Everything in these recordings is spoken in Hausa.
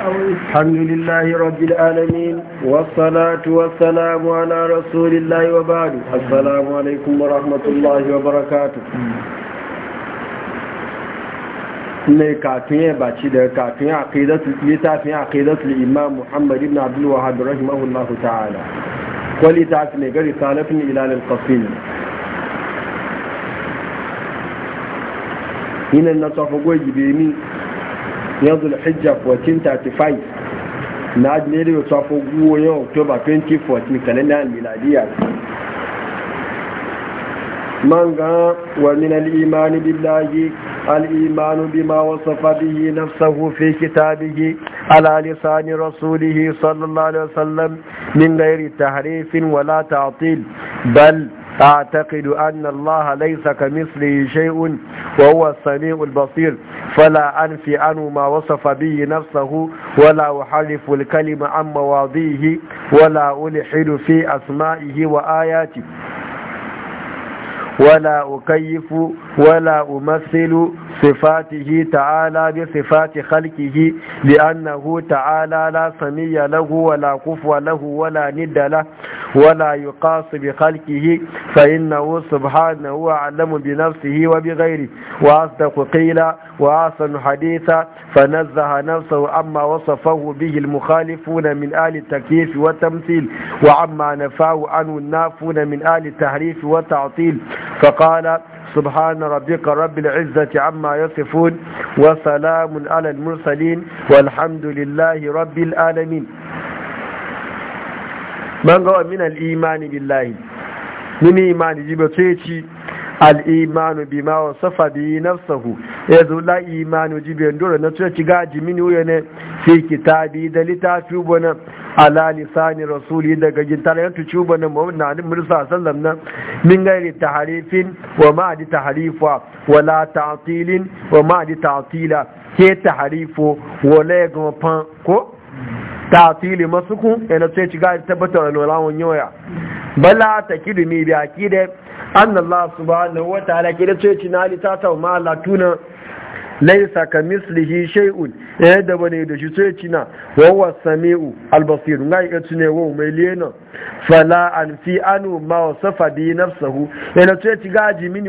الحمد لله رب العالمين والصلاة والسلام على رسول الله وبعد السلام عليكم ورحمة الله وبركاته ne kafin ya baci daga kafin littafin aqidatul imam muhammad ibn abdul wahab rahimahullah ta'ala ko littafin ne gari salafin ilalil qasim yinan na tafi goyi bemi yanzu حجة 1435 na adinere yau يوم guwo october 2014 kalendar الميلادية من ومن الإيمان بالله الإيمان بما وصف به نفسه في كتابه على لسان رسوله صلى الله عليه وسلم من غير تحريف ولا تعطيل بل أعتقد أن الله ليس كمثله شيء وهو السميع البصير فلا أنفي عنه ما وصف به نفسه ولا أحرف الكلمة عن مواضيه ولا ألحد في أسمائه وآياته ولا أكيف ولا أمثل صفاته تعالى بصفات خلقه لأنه تعالى لا سمي له ولا كفو له ولا ند له ولا يقاس بخلقه فإنه سبحانه أعلم بنفسه وبغيره وأصدق قيل وأحسن حديثا فنزه نفسه عما وصفه به المخالفون من آل التكييف والتمثيل وعما نفاه عنه النافون من آل التحريف والتعطيل فقال سبحان ربك رب amma عما يصفون وسلام على المرسلين والحمد لله رب العالمين من قوى من الإيمان بالله من إيمان جبتيتي al'imanu bi ma wasafa bi nafsahu ya zo la imanu jibiyar dole na tuya ci gaji mini wuya ne fi kitabi da littafi wani ala lisani rasuli daga gintarar tucuba na mu'minin mursa sallam nan min gairi taharifin wa ma'adi taharifa wala ta'tilin wa ma'adi ta'tila ke taharifo wala ya gama fan ko ta'tili masuku yana sai ci gari tabbatar da lolawon yoya bala ta kidumi bi akide an Allah subhanahu wa ta'ala kida sai ci na litata ma Allah tuna laisa ka mislihi shay'un eh da bane da shi sai cina wa huwa samiu albasir ngai ka tune wa mai lena fala an fi anu ma wasafa bi nafsuhu yana eh, tace gaji mini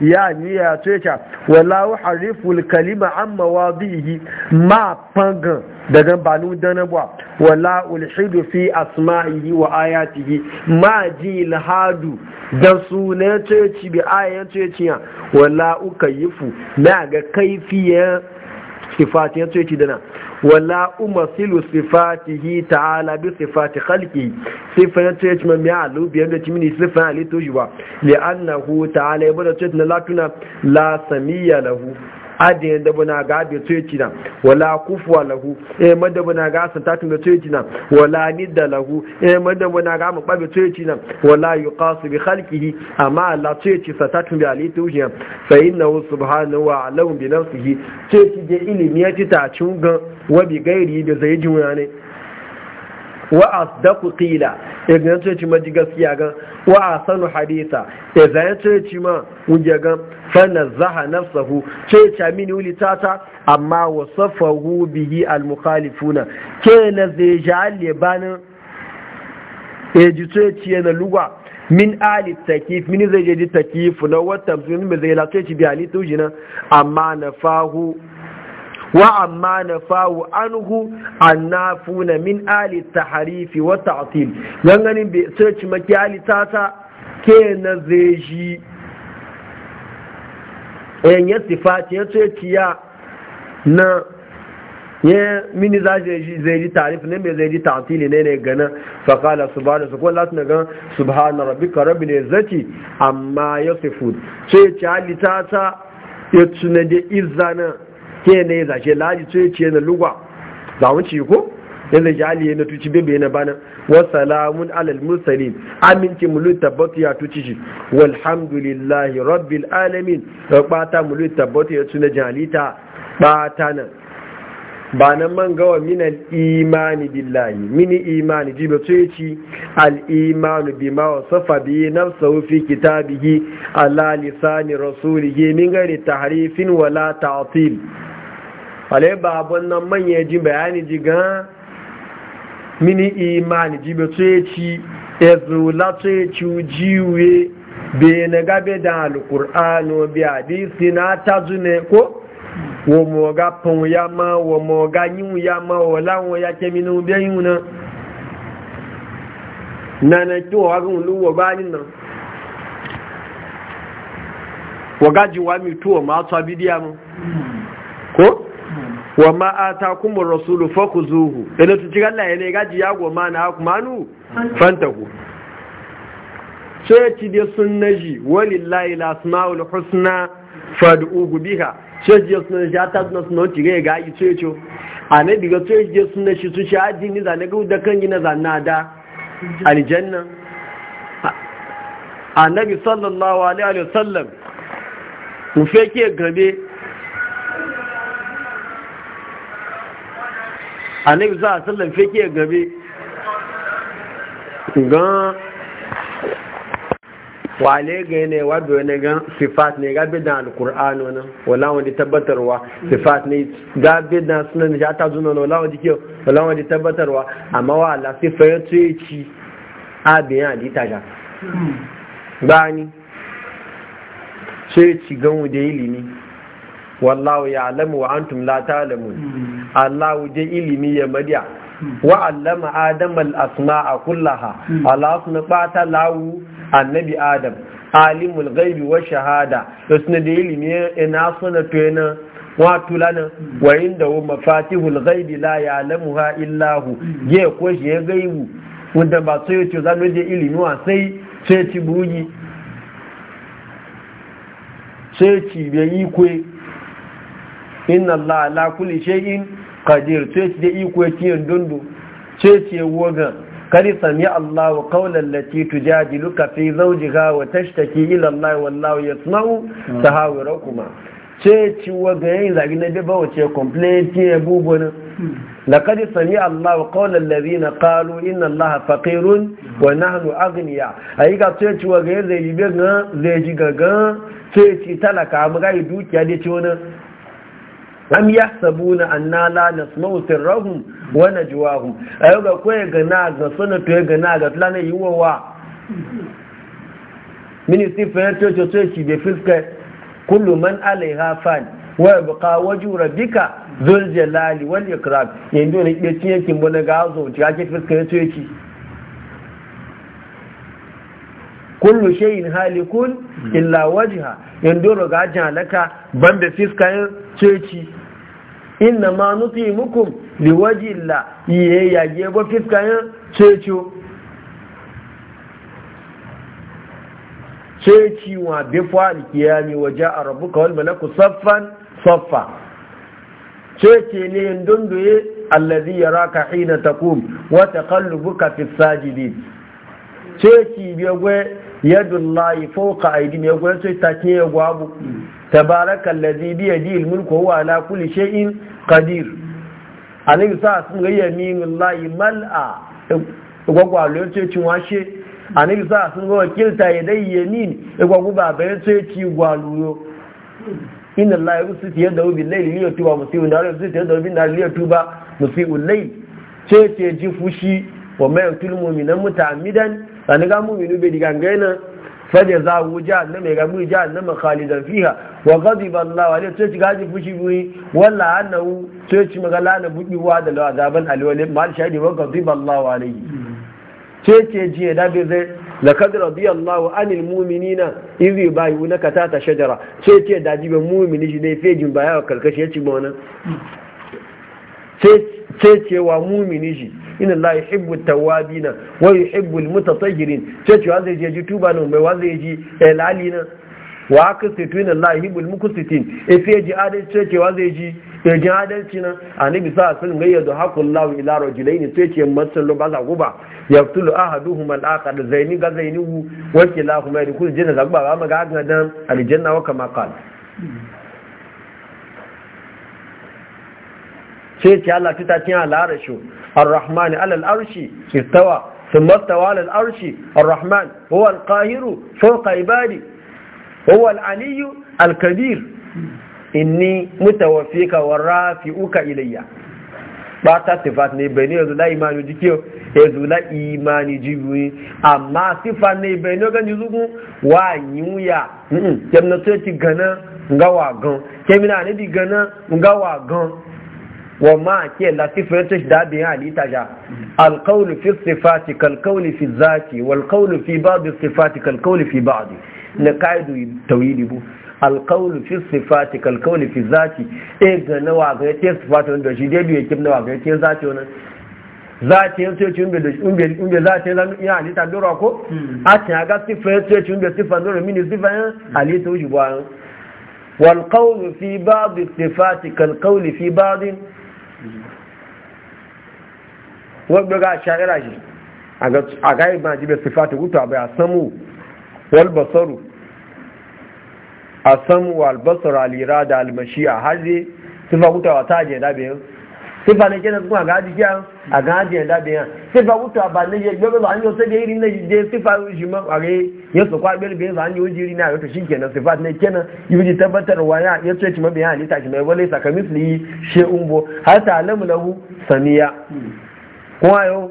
ya ni ya tsoya wala hariful kalima an bihi ma fangan daga banu danabwa wala ulhidu fi asma'ihi wa ayatihi ma ji ilhadu da sunan tsoci bi ayan tsociya wala ukayifu na ga kaifiyar sifatiyar tsoci dana wala umasilu sifatihi ta'ala bi sifati khalqi sifan ta yace mai alu da timini sifan ali to li annahu ta'ala ibada ta na latuna la samiya lahu adiyan da buna ga abin tsoyaci nan wala kufuwa lahu eh madda buna ga san tatin da tsoyaci wala nidda lahu eh madda buna ga mu babe tsoyaci nan wala yuqasu bi khalqihi amma Allah tsoyaci sa tatin da ali tuji fa innahu subhanahu wa alam bi nafsihi tsoyaci je ilimi ya ci ta cunga wa bi gairi da zai ji wani wa ku qila idan e yace ci ma siya ga wa asanu haditha idan e yace ci ma wuje ga fa nazaha nafsuhu ce ta mini tata amma wasafahu bihi almukhalifuna ke na zai jali banin e ji ce ci na lugwa min ali takif min zai je takif na wata min zai la ce ci bi ali tujina amma nafahu wa amma na fawo anhu annafuna min ali taharifi wa ta'til yan ganin bai ali ke mini za zai ji tarif ne mai zai ji tatili ne ne gana fakala su ba da su na gan su ba na rabi ka rabi ne zaki amma ya fi fud sai ya ta ya tunade da ke ne zashe laji ce ce na lugwa za mu ci ko yanzu jali na tuci bebe na bana wa salamun alal mursalin aminci mulu tabbatu ya tuci shi walhamdulillahi rabbil alamin da bata mulu tabbatu ya tuna jalita bata nan ba nan man gawa minal imani billahi mini imani ji ba tsoye ci al'imanu bi ma wasafa bi nafsahu fi kitabihi ala lisani rasulihi min gari tahrifin wala ta'til wale babon nan manyan ji bayani ji gan mini imani ji bai tsoye ci ezula tsoye ci jiwe bai na gabe da alkur'ano bi si na atazu na ko wo mo ga ya ma wo mo ga ya ma wo lawon ya kemi na bi yun na nana ki wo ga lu wo ba ni na wo ga ji wa mi tu o ma so bidiya wa ma kuma rasulu zuhu. Ina tun cikin Allah ne gaji ya goma na akmanu fantahu sai ci da sunnaji walillahi alasmaul husna fad'uhu biha sai ji sunna ja ta suna suna ti ga gaji sai ce annabi ga sai ji sun naji su sha addini za na ga da kan gina zanna da aljanna annabi sallallahu alaihi wasallam mu fake gabe annabi za a sallan fake gabe gan wale ga ne wado ne gan sifat ne gabe da alkur'an wani wala wani tabbatarwa sifat ne gabe da sunan ya ta zuna wala wani ke wala wani tabbatarwa amma wa la sifayar tuyaci abin hadita ga bani tuyaci gan wuda ilimi wallahu ya alamu wa antum la hmm. Allah je ilimi ya madiya hmm. wa allama adam al asma'a kullaha hmm. Allah suna bata lawu annabi adam alimul ghaibi wa shahada to suna da ilimi ina suna to yana wa tulana wa inda mafatihul ghaibi la ya'lamuha illa hu je ko shi ya gaibu wanda ba sai ce zanu je ilimi wa sai sai ci buji sai ci bai yi kwe inna allah la kulli shay'in qadir to yace da iko yake yin dundu ce ce woga Kadi sami allah wa qawla allati tujadiluka fi zawjiha wa tashtaki ila allah wallahu yasma'u tahawurakuma ce ce woga yin zagi na dabba wace complaint ya bubun kadi sami allah wa qawla allazina qalu inna allah faqirun wa nahnu aghniya ai ga ce ce woga yin zai yi ga ga ce ce talaka mu ga dukiya da ce wannan am yahsabuna anna la nasma'u sirrahum wa najwahum ayo ga koyi ga na ga suna to ga na ga tlana yiwowa wa fa to to to ci be fiska kullu man alaiha fan wa yabqa wajhu rabbika dhul jalali ya kira yanzu ne be tiyan bane ga hazo ci ake fiska to ci kullu shayin halikun illa wajha yandoro ga jalaka banda fiskayen ceci inna ma nutimukum liwaji illa iye yage ba fiskayen cecio ceci wa bifa alkiyami waje a rabuka kawal malaku saffan saffa ceci ne dunduye allazi yaraka hina takum wa taqallubuka fi sajidin ceci biye yadullahi fawqa aydihim ya gwan sai take ya gwabu tabarakallazi bi yadihi almulku huwa ala kulli shay'in qadir anin sa sun ga yaminullahi mal'a gwagwa lokaci cin washe anin sa sun ga wakilta yadai yamin gwagwa baban sai ci gwaluyo inna allaha yusitu yadahu bil layli liyatuba musii'un ti yusitu yadahu bin nar tuba musu layl sai ce ji fushi wa mai tulmuminan mutamidan sani ga mu'minu bai diganga yana faje za wu jihar na mai gami jihar na makhalidan fiha wa gazi ballawa ne tuci gaji fushi buyi wallah annahu tuci magala na buɗewa da azaban alwali ma shi ne wa gazi ballawa ne tuci jiya da bai zai da kadu radiyallahu anil mumini na iri bayu na kata ta shajara tuci da jibin mumini shi ne fejin baya wa karkashi ya ci ma wani tuci wa mumini shi inna Allah yuhibbu at wa yuhibbu almutatahhirin mutatahhirin cece wanda yaje ji tuba ne mai wanda yaje eh, lali na wa aqsitu inna Allah yuhibbu al-muqsitin eh, ife yaji adalci cece wanda yaje eh, yaji adalci na annabi sa sun ga yadu haqqullahu ila rajulain cece matsallo ba za guba yaqtulu ahaduhuma al-akhar zaini ga zainihu wa kilahuma yadkhulu janna zaguba ba ma ga gadan al wa kama qala sai ce Allah ta tafi al'arashi ar-rahman alal arshi istawa ثم استوى على الأرش الرحمن هو القاهر فوق عبادي هو العلي الكبير إني متوفيك ورافئك إلي bata sifat ne bai ne yanzu la imani jikiyo yanzu la imani jibiyoyi amma sifa ne bai ne ganji zugun wa yiwuya kemna sai gana ga gan kemina ne di gana wa ma ke latifin ta shi dabi ya halitta ja alkaulu fi sifati kalkauli fi zati walkaulu fi babu sifati kalkauli fi babu na kaidu tauhidi bu alkaulu fi sifati kalkauli fi zati e ga na wa ga te sifati wanda shi dai ya kim na wa ga te zati wannan zati yan sai cin da umbe umbe zati lan ya halitta dora ko a ta ga sifati sai cin da sifati dora mini sifan halitta uji ba والقول في بعض الصفات كالقول في بعض wọ́n gbọ́gá aṣáyẹ́rà yìí àgáyìmá àjíbẹ̀ sífàtí kútó àbẹ̀ àsánmù wọ́lbọ̀sọ́rù àsánmù wàlbọ̀sọ̀rọ̀ àlìrádà alìmọ̀ṣíà hajjé sífà àwọn àwàtájẹ̀ dábẹ̀ẹ́ sifa ne kenan kuma gaji kiya a gaji da biya sifa wuto ba ne ye gobe ba nyo sai iri ne je sifa ji ma are ya so kwa bel be zan yo jiri na to na sifa ne kenan yuji tabbatar wa ya ya ce ma biya ni ta ki mai wale saka misli she umbo hata alamu lahu samiya ko ayo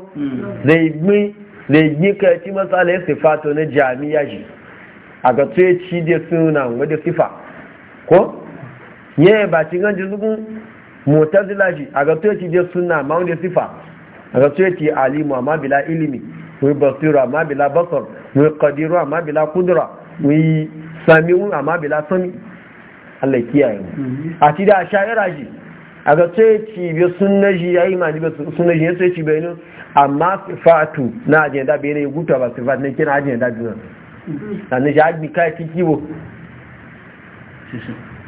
zai gbi zai gbi ka ti masala sifa to ne jami'a ji a ga tsaye ci da suna wadda sifa ko ye ba ci ganji zugun mutazila shi a gato yake je suna ma wani sifa a gato yake alimu amma bila ilimi wai basira amma bila basar mu qadiru amma bila kudura mu sami'u amma bila sami Allah kiyaye mu a ti da shayara shi a gato yake bi sunna shi yi ma ni sunna shi yace ci bayinu amma sifatu na ajenda bayinu guta ba sifat ne kina ajenda duna sannan shi agbi kai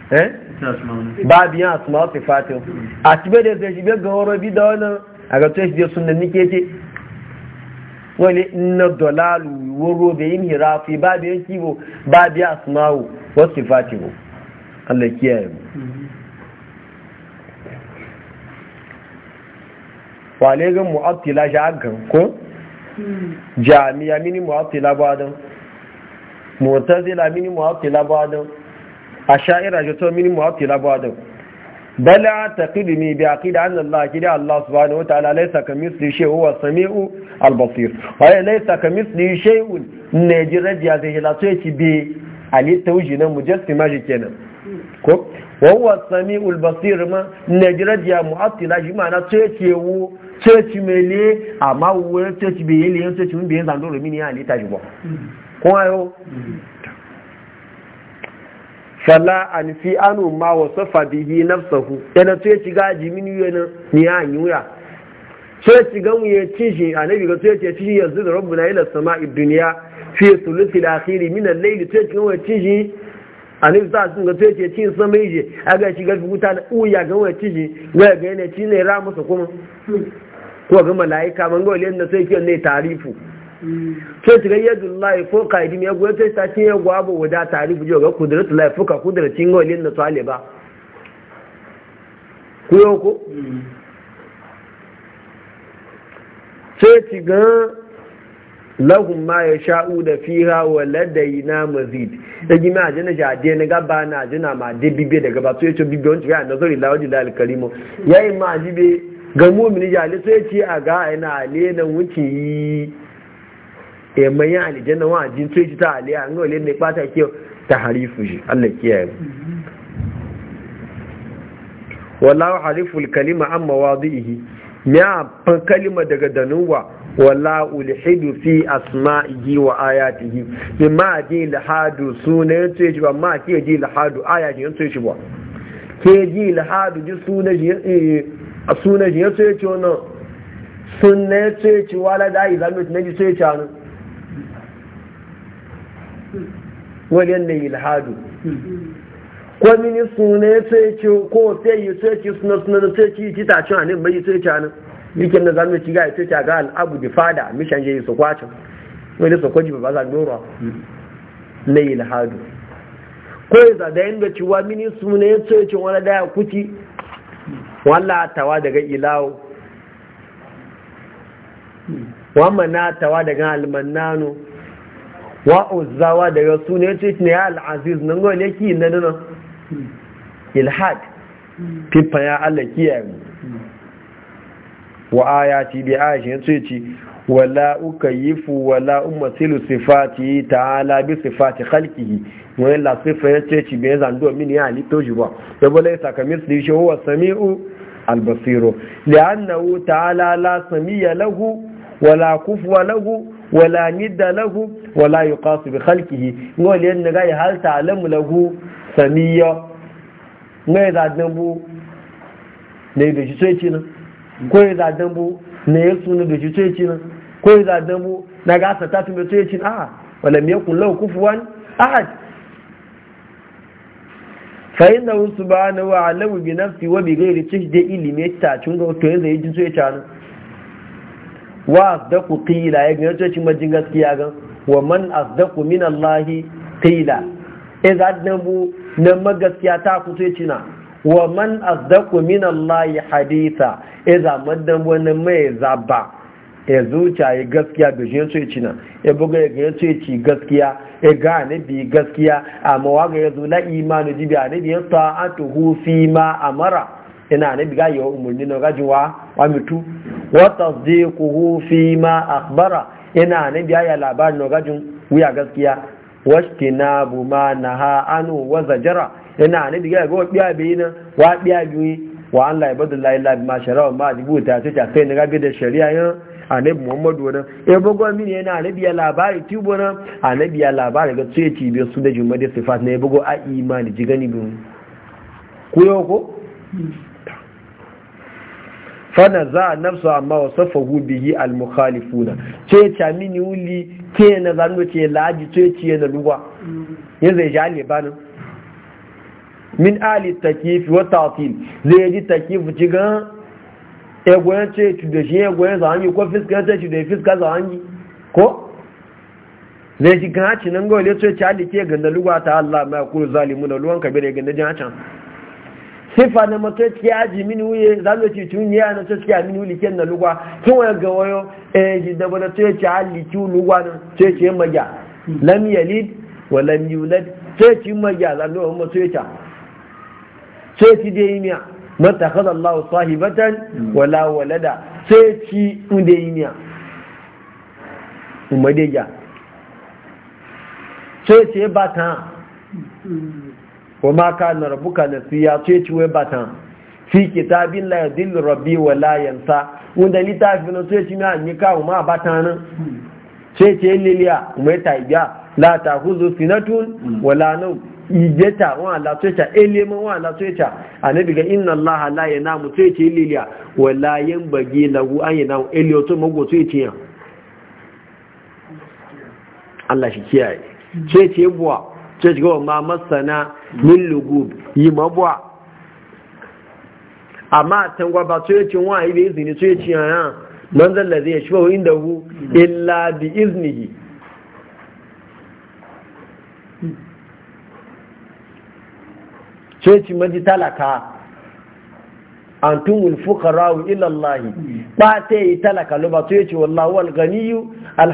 Eh? ba biyan asma fi fatin a cibe da zai shibe ga horo bi da wannan a ga tuwa shibe sunan nike ce wani na dolalu woro da yin hirafi ba biyan kibo ba biyan asma'u wasu fatimu allah kiyaye mu wale gan mu'attila shi agan ko hmm. jami'a mini mu'attila ba don mu'tazila mini mu'attila ba don a sha'ira ji to mini labuwa labawadin bala ta tudu bi aqida an Allah kida Allah subhanahu wataala laysa kamithli shay'un huwa samiu al wa laysa kamithli shay'un ne ji rajiya da hila so bi ali na ji kenan ko wa huwa samiu al ma ne mu'attila ma mele amma bi yele mun bi mini ali ji ba ko ayo fala an fi anu ma wasafa bihi nafsahu yana to ya shiga jimini mini ni na yura to ya shiga mu ya a annabi ga to ya tishi yanzu da rabbuna ila sama'i dunya fi thuluthil akhir min al akiri to ya shiga mu ya shi annabi sa ga to ya je aga shiga na uya ga mu ya tishi ga ga yana tishi ne ra masa kuma ko ga malaika na ga waliyan na sai kiyon ne tarifu sai su ga yadda lai ka idim ya goya ta sashi ya gwa abu wada tare bujo ga kudurutu lai foka ka yin wani na tsale ba kuyo ku? ce ci ga lahun ma ya sha'u da fi hawa ladayi na mazid da gina a jina jade na gaba na jina ma de bibe daga ba su ya ce bibe wancan ya nazari lawaji da alkarimu ya yi ma jibe ga mumini jale ya ce a ga yana ale na wuce yi Eh, mai yin alijanna wa jin tuyi ta aliyar an gole ne fata ke ta harifu shi Allah kiyaye wallawa harifu kalima amma wadihi ya fan kalima daga danuwa wala ulhidu fi asma'ihi wa ayatihi ma ji lahadu sunan tuyi ba ma ke ji lahadu ayatin tuyi shi ba ke ji lahadu ji sunan ji a eh, sunan shi wannan sunan tuyi wala da ai zamu ji shi tuyi shi wajen da ilhadu ko mini suna ya ce ko sai yi sai ce suna suna da sai ce yi ta cin anin bai sai ce anin yake na zama ci ga ya sai ga al'abu da fada mishan je su kwace wani su kwaji ba za dora na yi lahadu ko ya zada yin da wa mini suna ya sai ce wani daya kuti wala tawa daga ilawo na tawa daga almannano wa uzzawa daga su ne ce ne al'aziz nan gwa ne ki na nuna ilhad fifa ya Allah kiyaye mu wa ayati bi ayatin yace ce wala ukayifu wala ummasilu sifati ta'ala bi sifati khalqihi wa la sifa yace ce be zan do min ya ali to jiba da bala ya kamil shi shi huwa samiu albasiru li'annahu ta'ala la samiya lahu wala kufuwa lahu wala nidda lahu wala yuqasu bi khalqihi ngol yen naga ya hal ta'lamu lahu samiyya ngai da dambu ne da ji sai cin ko ya da dambu ne ya sunu da ji sai cin ko ya da dambu ga sa ta tume sai cin a wala me yakun lahu kufuwan ahad fa inna subhanahu wa alamu bi nafsi wa bi ghairi tajdi ilmi ta cunga to yanzu ji sai na wa asdaku qila ya gina cocin majin gaskiya gan wa man asdaku min Allah qila e za da bu na magaskiya ta ku sai cina wa man asdaku min Allah haditha e za madan wani mai zaba ya e zuciya ya e gaskiya ga shi sai cina ya e buga ya gaya sai ci gaskiya ya ga bi gaskiya amma waga ya zo la imanu jibi anabi ya ta'atuhu fi ma amara ina ne biga yi umarni na gaji wa wa mitu wata zai kuhu fi ma akbara ina ne biya ya labarin na gajin wuya gaskiya washti na bu ma na ha anu wa zajara ina ne biga ga biya biyi na wa biya biyi wa an la ibadu la ilaha ma shara'a ma dibu ta ce ta sai na gabi da shari'a yin annabi muhammadu wannan e bugo mini yana annabi ya labari tubo nan annabi ya labari ga tsaye tibe su da juma'a da sifat ne bugo a imani ji gani bin ku yau ko fana za a nafsu amma wa safa bihi yi almukhalifuna ce ta mini wuli ke na zanu ce laji ce ce na ruwa ya zai ja ne banin min ali takifi wa tafil zai ji takifi ci gan egoyen ce ci da shi egoyen za hangi ko fiska ce ci da fiska za hangi ko zai ji gan haci nan gawale ce ci ali ke ganda lugwa ta Allah ma ya kuru zalimu na luwan kabir ya ganda jin hacan sifa na matoci ya ji mini wuye za mu ci tun ya na tsoci a mini wuliken na lugwa Tun waya ga wayo eh ji da bana to a hali lugwa na ce ce magya lam yalid wa lam yulad ce ci maja za mu yi to ya ce da yi miya matakhadha Allah sahibatan wala walada ce da yi miya Umar ya ce ce ta wa ma kana rabbuka nasiya ce ci wai batan fi kitabin la yadillu rabbi wa la yansa wanda litafi no ce ci na ni kawo ma batan ce ce liliya mai taibiya la ta huzu sinatun wa la nau ijeta wa la ce ta elema wa la ce ta annabi ga inna laha la yanamu ce ce liliya wa la yanbagi lahu an yanamu eliyo to mago ce ce Allah shi kiyaye ce ce buwa ce ce ga ma masana min lugub yi mabuwa amma tangwa ba su yace wa yi bai izini su yace yana man zalla zai shi bawo inda hu illa bi iznihi sai ci maji talaka an tun fuqara rawu illallahi ba ta yi talaka lo ba su yace wallawu al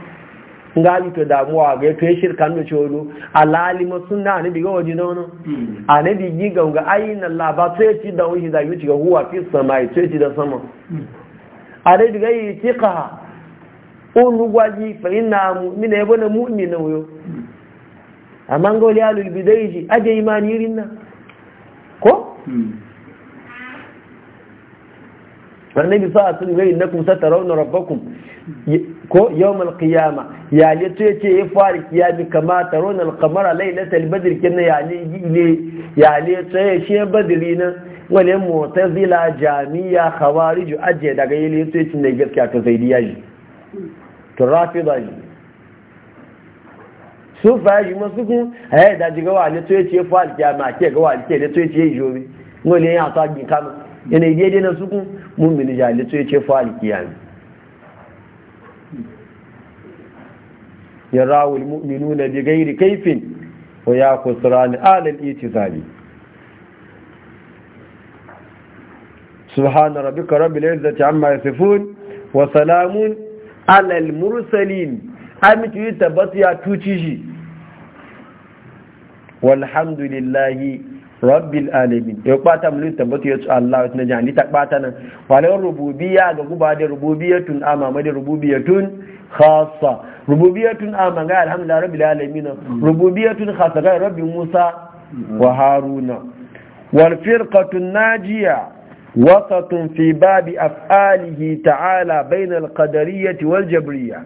ngali to damuwa ga to shirka no chono alali ma sunna ne biga waje no no ane bi giga ga ayina la ba to yaci da wani da yuci ga huwa fi samai to ci da sama ane diga yi tiqa ulu gwaji fa inna mu'mina yabana na yo amma ngoli alul bidaiji aje imani na, ko annabi sa'a sun ga innakum satarawna rabbakum ko yawmal qiyama ya ne to yace ya fara kiyami kama tarona al-qamara laylatal badr kin ya le ne ya ne to ya shi badri nan wale mu'tazila jami'a khawarij aje daga yele to yace ne gaskiya to ya ji to rafida ji su fa ji masu kun eh da ji ga ne to yace ya fara kiyama ke ga wale ke to yace ya jobi wale ya ta gin kama yana daidai na sukun mun bin jali to yace fara kiyami ya المؤمنون بغير كيف ويا خسران kaifin الإتزال ya ربك رب العزة عما subhana rabbika على المرسلين amma yasifun wa salamun alal mursalin amintu tabbata ya tuci alamin ya kwata mu tabbata ya Allah na jani ta kwata nan ga guba da rububiyyatun amma da rububiyyatun khassa rububiyatun amanga alhamdulillah rabbil alamin rububiyatun khasaga rabbi musa wa haruna wal firqatun najiya wasatun fi babi af'alihi ta'ala bayna al qadariyyati wal jabriyyah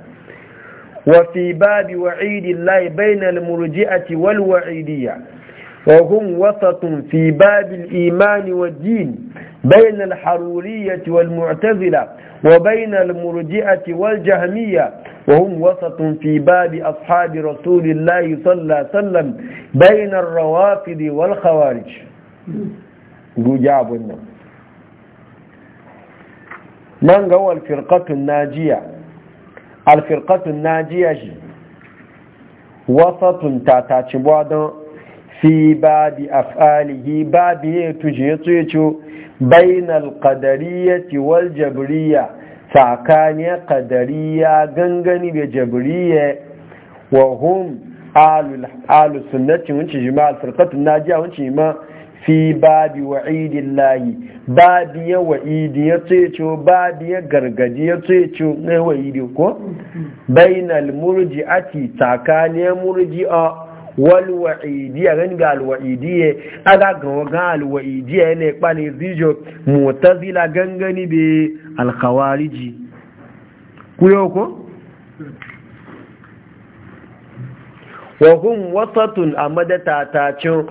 wa fi babi wa'idillahi bayna al murji'ati wal wa'idiyya وهم وسط في باب الإيمان والدين بين الحرورية والمعتزلة وبين المرجئة والجهمية وهم وسط في باب أصحاب رسول الله صلى الله عليه وسلم بين الروافض والخوارج جابنا من هو الفرقة الناجية الفرقة الناجية وسط تاتاتشبوادون fi babi af'alihi babi ya tushe ya tsoyeco bainal qadariyati wal jabiriya, tsakanin qadariya gangani da jabiriya wa hun alu sunnati wuncin jima alfarkatun najiya wuncin ma fi babi idin layi babi ya wa'idi ya tsoyeco babi ya gargaji ya tsoyeco na wa'idi ko bainal tsakaniya murji a walwa'idiyya gani ga alwa'idiyya aga gawa ga alwa'idiyya ne ni zijo mutazila gangani be alkhawariji ku yau ko wasatun a ta ta cin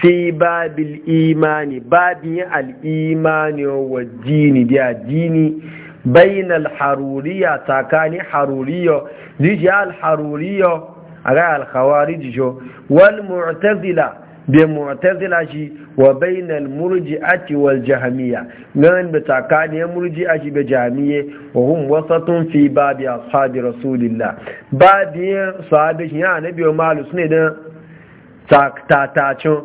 fi babil imani babin al'imani wa jini biya jini bayin alharuriya tsakanin haruriya jijiyar haruriya aga al-khawarij jo wal mu'tazila bi mu'tazila shi wa al murji'ati wal jahmiya nan bi takani murji'a shi bi jahmiye wa hum wasatun fi bab ashab rasulillah badi sahabi ya nabi wa malu sune da taktatacin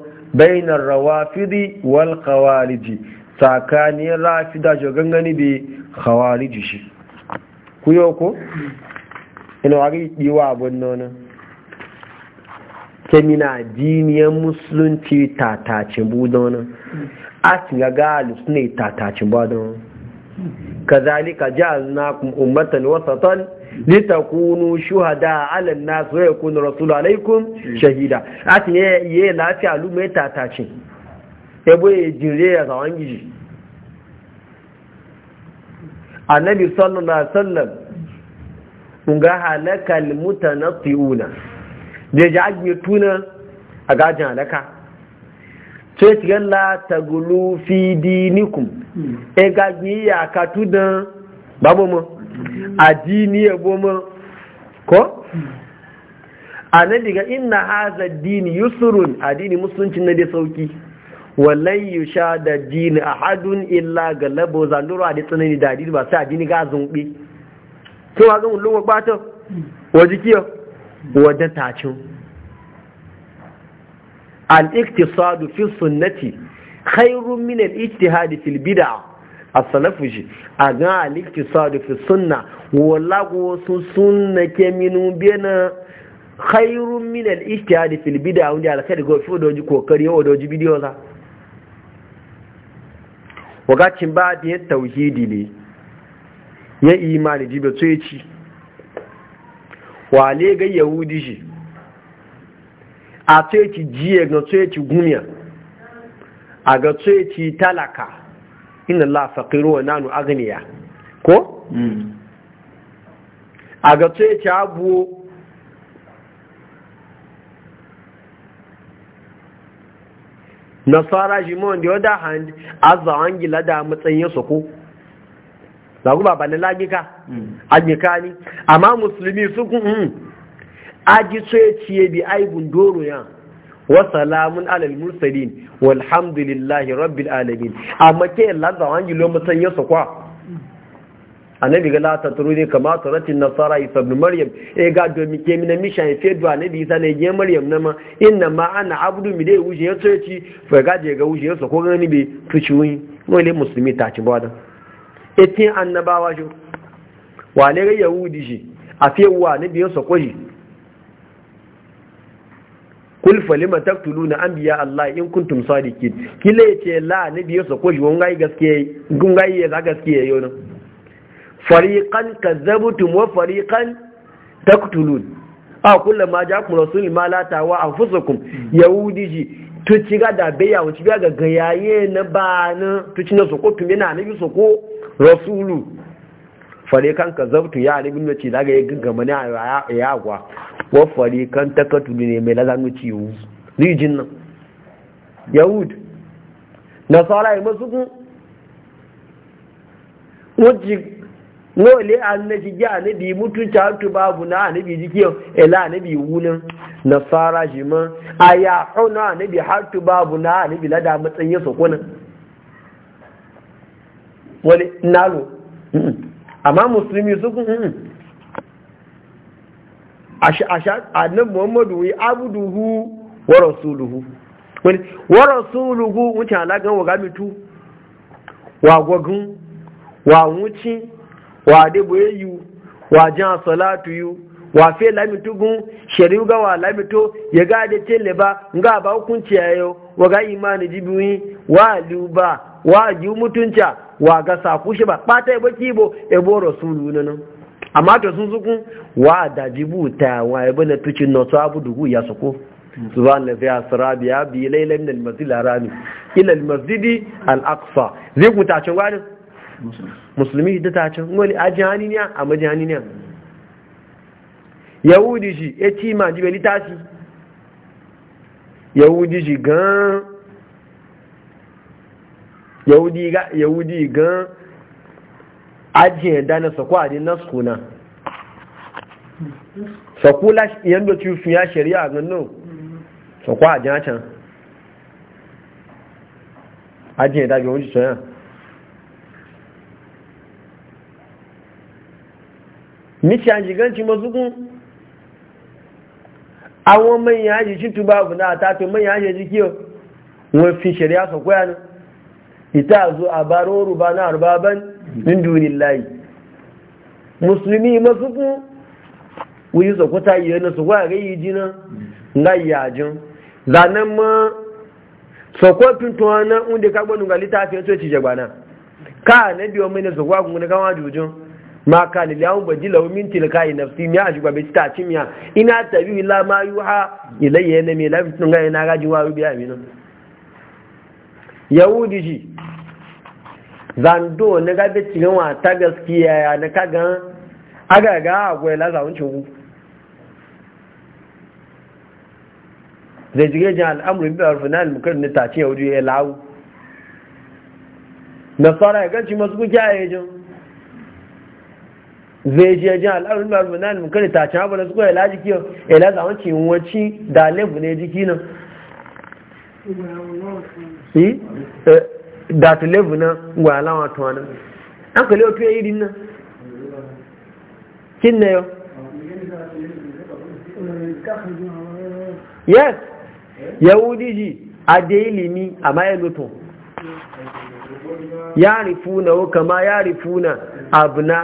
al rawafidi wal khawariji tsakanin rafida jo gangani bi khawariji shi ku yau ko ina wari diwa wa abun nonon semina diniyan musulunci tatacin budonin asin ga galus ne tatacin budonin kazalika ja'alnakum ummatan wasatan litakunu shuhada 'ala an-nas wa yakunu rasulun alaykum shahida asin ye lafiya lume tatacin yabo ye jinre ya zawan giji annabi sallallahu alaihi wasallam kun ga halakal mutanatti'una je ji ajiye tuna a gajin alaka sai ci la ta gulu fi dinikum e gaji ya ka tuna babu mu dini ya goma ko a nan diga ina haza dini yusurun a dini musulunci na dai sauki wallai yi sha da dini a hadun illa ga labo zanduru a dai tsanani da dini ba sai a dini ga zunɓe sai wa zan ulun wa waje wadda tacin al-iktisadu fi sunnati khairun min al-ijtihad fil bid'ah as-salafu ji aga al-iktisadu fi sunna wallahi sun sunna ke minu bena khairun min al-ijtihad fil bid'ah wanda alkhairi go fi doji kokari o doji bidiyo za wagacin ba da tauhidi ne ya imani jibe tsoyi Wa wale ga yahudi shi a tsoyaci jiye ga tsoyaci gumiya a ga tsoyaci talaka inda la faƙiru wa nanu agniya ko? a ga tsoyaci abuwo nasara shi ma wanda yau da hand azza an gila da matsayin su zagu ba na lagika agika ni amma musulmi su kun hmm. aji ya ciye bi aibun doro ya wa salamun alal mursalin walhamdulillahi rabbil alamin amma ke lazza wangi lo mutan yaso kwa annabi ga lata turuni kama turatin nasara isa ibn maryam e ga do mi kemi na mishan fe do annabi isa ne ge maryam na ma inna ma ana abdu mi dai wuje yaso ci fa ga je ga wuje yaso ko gani be tuci wi wani musulmi ta ci bada etin annabawa shi wane ga yahudi shi a fiye wa na biyan sakwai shi lima falima taktulu na biya Allah in kuntum dikin. kila ce la na biyan sakwai shi wani gai gaskiya gun gaske ya za gaskiya yau nan fariqan kazzabtum wa fariqan taktulun a ja kuma rasulun ma latawa a fusakun yahudi shi tuci ci ga da bayawo ci ga ga yaye na ba na Tuci na soko tun yana na bi soko rasulu kan ka zabtu ya alibin da ce zaga ya gaggama ne a yagwa wa kan takatu ne mai lazanu ce yiwu rijin nan yahud nasara yi masu kun an na annabi ji anabi, mutunci hantu babu na anabi jiki ila e anabi wunin nasara shi ma a ya na anabi hantu babu na anabi lada matsayin sokunan wani nalo amma musulmi su a annan muhammadu wai abuduhu wa rasuluhu wani wa rasuluhu wuce alagan wa gamitu wa gwagun wa wuci wa adeboye yu wa jan salatu yu wa fe lamitu gun shari'u gawa wa lamito ya ga da tele ba nga ba hukunci yayo wa ga imani wa luba wa ji mutunca wa ga saku shi ba ɓata yi baki bo ya bo rasulu na nan amma ta sun suku wa da ta wa ya bane tucin na su abu dugu ya suku subhan lafi asra biya bi lailai na al-masjid ila al-masjid al zai ku tacin gwanin musulmi da tacin wani jihani ne a majihani ne yahudi shi ya ci ma jibeli tashi yahudi shi gan yahudi gan ajiyar da na sako a yadda cikin ya shari'a gan nan sako a can ajiyar da yahudi suna nishi a jiganci mazukun awon manyan ajiyar cikin tuba abu na ta to manyan ajiyar jikiyo wọ́n fi ṣẹ̀rí ita zo a baro ruba na arbaban min dunillahi musulmi masu ku wuyi sokuta yi na su kwa ga yi jina nga yajin zanen ma sokotun na inda ka gbanu ga littafin so ci jagwana ka na biyo mai na sokwa kun na kama jujun ma ka ni liyawun baji lau min tilka yi nafsi miya a shugaba ta ci miya ina tabi ila ma yuha ilayya na mai lafi tun ga yana gajin wa rubiya minu yahudi ji zando na gabe cikin wata gaskiya ya na kagan agaga agwai lazawun cikin zai jirage al'amurin biyar final mukar na tace yahudi ya lawu tsara ya ganci masu kuki a yajin zai ji yajin al'amurin biyar final mukar na tace abu na suka ya lajikiyar kiyo ya e lazawun cikin wacce da lebu ne jiki nan yi da ta levu na ngwa alawa tuwa na an kalli otu ya yi rinna kin na yau yes yahudi ji a da ilimi a mayan lutun funa rifuna kama ya rifuna abu na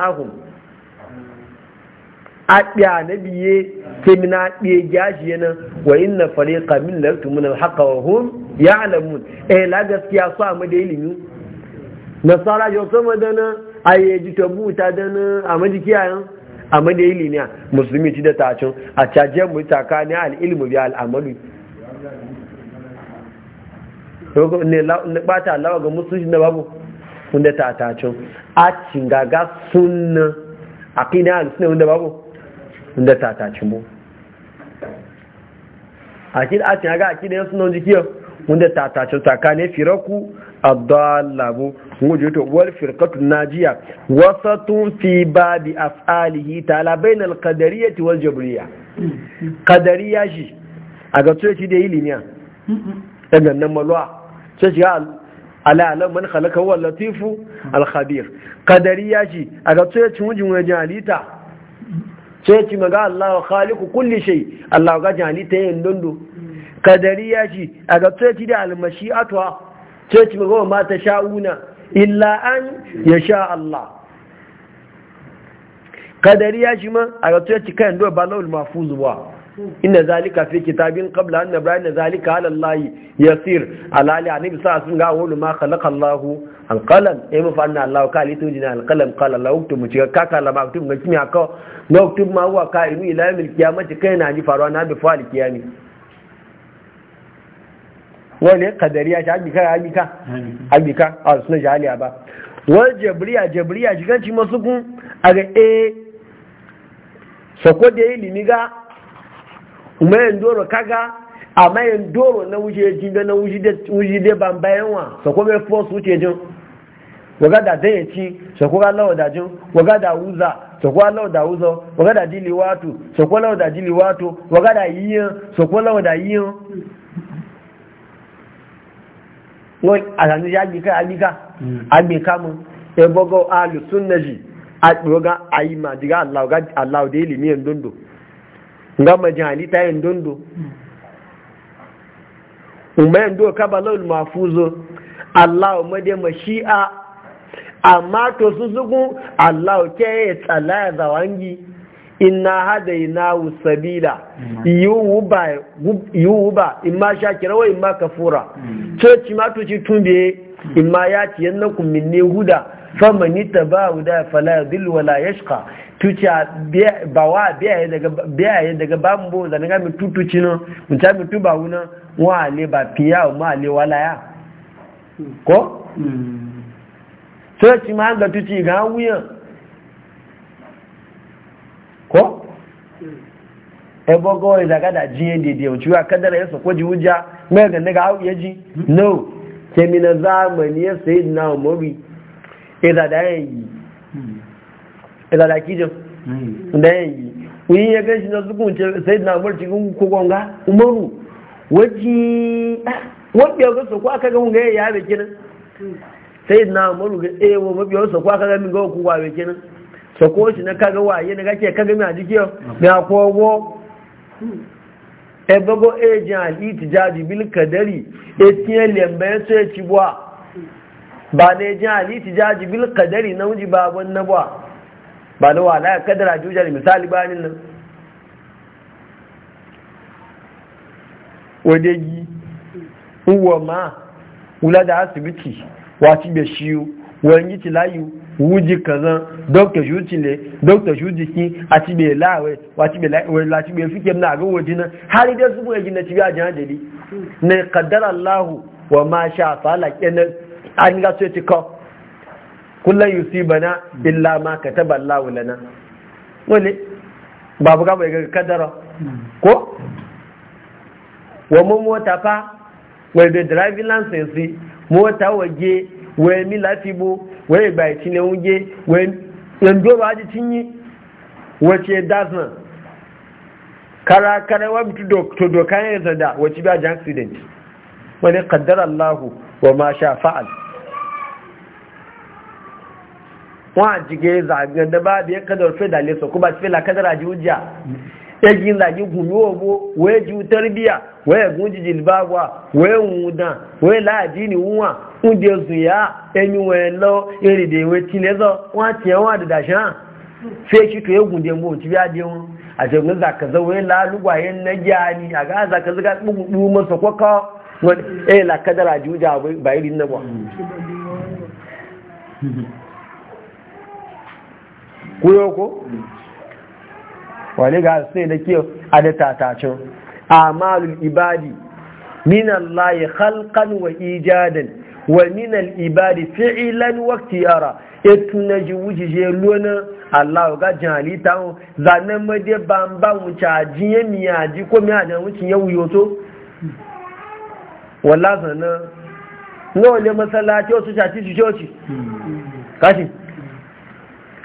aɗiya na biye sai mina biye gashi yana wa inna fariqa min la yaktumuna al haka wa hum ya'lamun eh la gaskiya su amma da ilimi nasara yau sama da na ayyaji ta buta da na amma jikiya amma da ilimi musulmi ci da tacin a cajen mu takani al-ilmu bi al-amalu ne bata lawa ga musulmi da babu kun da tatacin a cingaga sunna aqida al-sunna wanda babu da tataci mu a kin a cin a a kin suna jikiya wanda tataci tsakanin firaku addallabu wuje to wal jiya. najiya tun fi ba babi af'alihi ta'ala bainal qadariyyati wal jabriyya ya shi a ga tsoci da liniya daga nan malwa sai ala ala man khalaka wal latifu al khabir qadariya shi a ga tsoci wujin wajen alita sai ci maga Allah khaliku kulli shay Allah ga jani ta yin kadari ya shi a ga sai ci da atwa, sai ci maga ma ta sha'una illa an yasha Allah kadari ya shi ma a ga sai ci kan do balawul mahfuz ba inna zalika fi kitabin qabla an nabra inna zalika ala allah yasir alali anabi sa sun ga wani ma khalaqa allah alqalam e mu fa anna allah kali to jina alqalam qala la uktu mu ciga kaka la ma uktu mu kimi aka na uktu ma huwa qaimu ila yawmil qiyamati kai na ji faruwa na bi fa alqiyami wani kadariya ta agika agika agika a sunan jaliya ba wani jabriya jabriya jiganci masu kun a ga eh sako da ilimi ga umayen doro kaga a mayen doro na wuce jinde na wuce dai ban bayan wa sako mai fos wuce jin waga da dan ya ci sako ga lawa da jin waga da wuza sako ga lawa da wuza waga da dili wato sako lawa da dili wato waga da yiyin sako lawa da yiyin wọ́n àtàndíjá agbíká agbíká agbíká mú ẹgbọ́gọ́ alùsúnnẹ́jì àpẹ̀wọ́gá àyíma dìgá aláwọ̀dé ilẹ̀ ní ẹ̀ndọ́ndọ̀ nga majin ta yin dondo umayin do mafuzo allah umade mashi'a amma to su zugu allah ke ya tsala ya zawangi inna hada ina sabila yiwu ba in ma shakira wa in ma kafura mm. coci ma tuci tumbe in ma ya ci yannakum ne huda famanita ba huda fala yadhillu wala yashqa tuca ba wa biyaye daga bambo zane ga mitu tuci nan mutu mitu ba wuna wa ne ba fiya o ma ne wala ya ko? Hmm. so ci ma ga tuci ga wuyan ko? Hmm. ebogo izaga da jiye o wuce wa kadara ya ko ji wuja mai ga ga hau ya ji hmm. no kemina zamani ya sayi na umaru izaga da yi. ìlàdà kíjọ ɗayan yi wuyi ya gan shi na zukun ce sai na bar cikin kogonga umaru waji wabiya ga soko aka ga mun ga ya be kenan na umaru ga eh wa mabiya soko aka ga min ga ku wa be kenan soko shi na kaga waye na kake kaga mi a jikiyo mi a kogo e bago e jan itijadi bil kadari e lembe so sai ci bwa na ne jan itijadi bil kadari na wuji babon na ba na wala ya kadara jujar misali bayanin nan yi uwa ma wula da asibiti waci da shiyu wani ci tilayu wuji kazan dokta shuci ne dokta shuci ki a ci bai lawe waci bai lawe lati bai fike na ga waje nan har idan su mai e gina ci biya jihar jali na kaddara allahu wa ma sha fala kenan an ga so ya e ci kawo kullum bana billa ma ka Allahu lana Wani babu ga bai ga kadara ko wa mu mota fa wa da driving license mota waje wa mi lafibo wa ba yi ne unje wa ba ji tinyi wace dazna kara kara wa mutu to dokan ya yadda wace ba accident wani kaddara Allahu wa ma sha fa'al wọn àjìgẹ zàgẹ dẹbà bí kẹdọrọ fẹ dàlẹ sọ kó bá fẹ la kẹdọrọ àjì ojà ẹjì ńlájì gùn ní owó wọ́n ẹjì tẹ́rìbíà wọ́n jìjì lè bá wà wọ́n dàn wọ́n ní wọ́n wọ́n lọ wọ́n ẹ̀gùn dẹ̀ mọ́ tí bí á dé wọn wọ́n lálùgbà yẹn nẹ́jà ni wọ́n kuyo ko wani ga sai da ke adatacin amalul ibadi min Allah halkan wa ijadan wa min ibadi fi'ilan wa etu na ji wujije lona Allah ga jali ta zanan made bamba wuce caji ye ko mi wuce wucin ya wuyo to wallahi sana Nawa le masallaci shi su shi su shi? kashi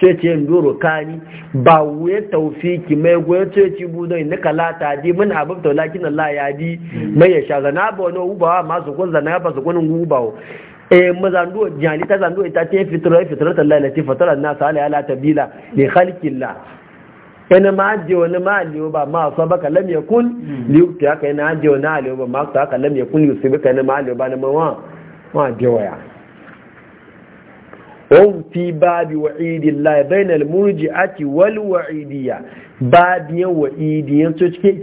cece ndoro kani ba wuye taufiki mai goye ceci budai na kalata di mun abin taula kin Allah ya di mai ya sha, na ba wani ubawa masu kun zana ya su kunin gubawo eh mazando jani ta zandu ita ce fitrar eh, ta Allah lati fatara sa ala ala tabila li khalqillah ina ma je wani ma aliyo ba ma so baka lam yakun hmm. li yukti haka ina je wani aliyo ba ma so haka lam yakun yusibika ina ma aliyo ba na ma wa wa je waya wọ́n fi báàbí wa'idi láì bẹ́ẹ̀nà múrùjì àti wọ́lú wa'idi yà báàbí yẹn wa'idi yẹn tó kí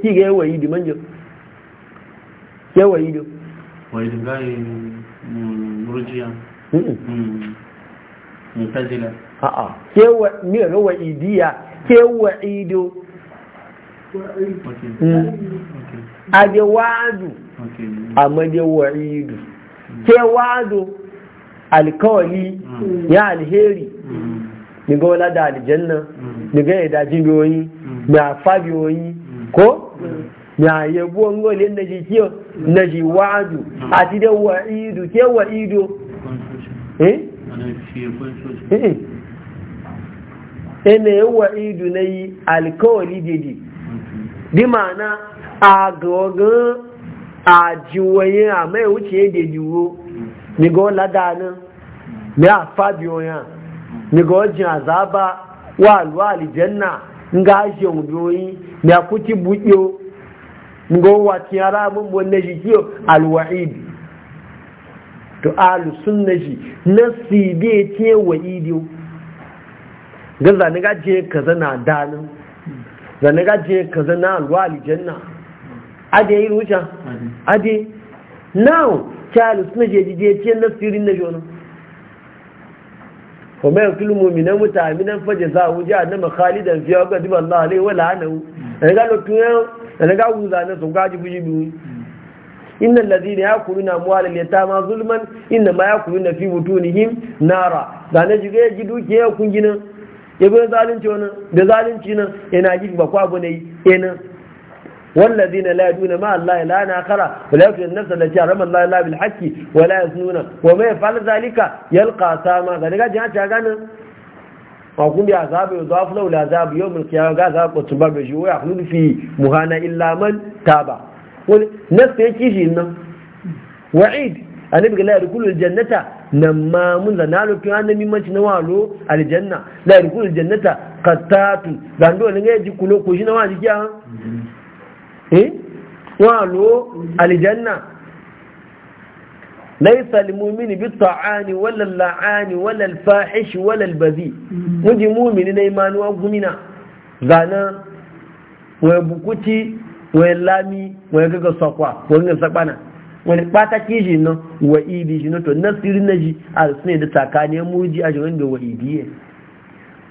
múrùjì alkawali mm. ya alheri daga mm. wala da aljanna daga mm. ya daji biyoyi na fabiyoyi ko na yabo ngole na ji kiyo na ji wa'adu a ti da wa'idu ke wa'idu eh? Eh, eh ene wa'idu na yi alkawali didi bi ma'ana a gogon a jiwoyin a mai wuce da yiwu daga wala da nan me a fabio ya ni ga wajen azaba wa alwa aljanna in ga ashe wudoyi me a kuti buɗe in ga wacin yara mun na shi kiyo alwa'id to alu na shi nasi bai ce wa'idiyo ga zanaga je kaza na dalin zanaga je kaza na alwa aljanna ade yi rujan ade now kyalu suna je je ce nasirin na jonan wa mai yankulu muminan mutaminan faje za a wuji a nama khalidan fiye wa gadi Allah alai wa la'anahu da ga lokacin yau da na ga guza na sun gaji buji biyu inna allazina yakuluna amwala al-yatama zulman inna ma yakuluna fi butunihim nara da na jiga ji dukiya kun gina ya ga zalunci wannan da zalunci nan yana ji ba kwa bane yana والذين لا يدون ما الله لا آخر ولا يكون النفس التي رمى الله لا بالحق ولا يزنون وما يفعل ذلك يلقى ساما ذلك جاء جاءنا وقوم بعذاب يضاف له العذاب يوم القيامة عذاب وتبا بجوا يخلد في مهانا إلا من تابع نفس يكيشي وعيد annabi la yadkhulu aljannata namamun نما من annabi كان من من aljanna la لا يدخل qattatu dan dole ne يجي kulo ko shi na eh wa lo aljanna laysa almu'minu bitta'ani wala la'ani wala alfahish wala albazi muji mu'mini ne imani wa gumina zana wa bukuti wa lami wa gaga sakwa wa gaga sakwana wani pataki shi no wa idi shi no to nasiri na ji arsune da takane muji aji jiran da wa idiye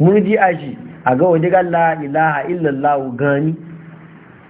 muji a shi a ga wajen la ilaha illallah gani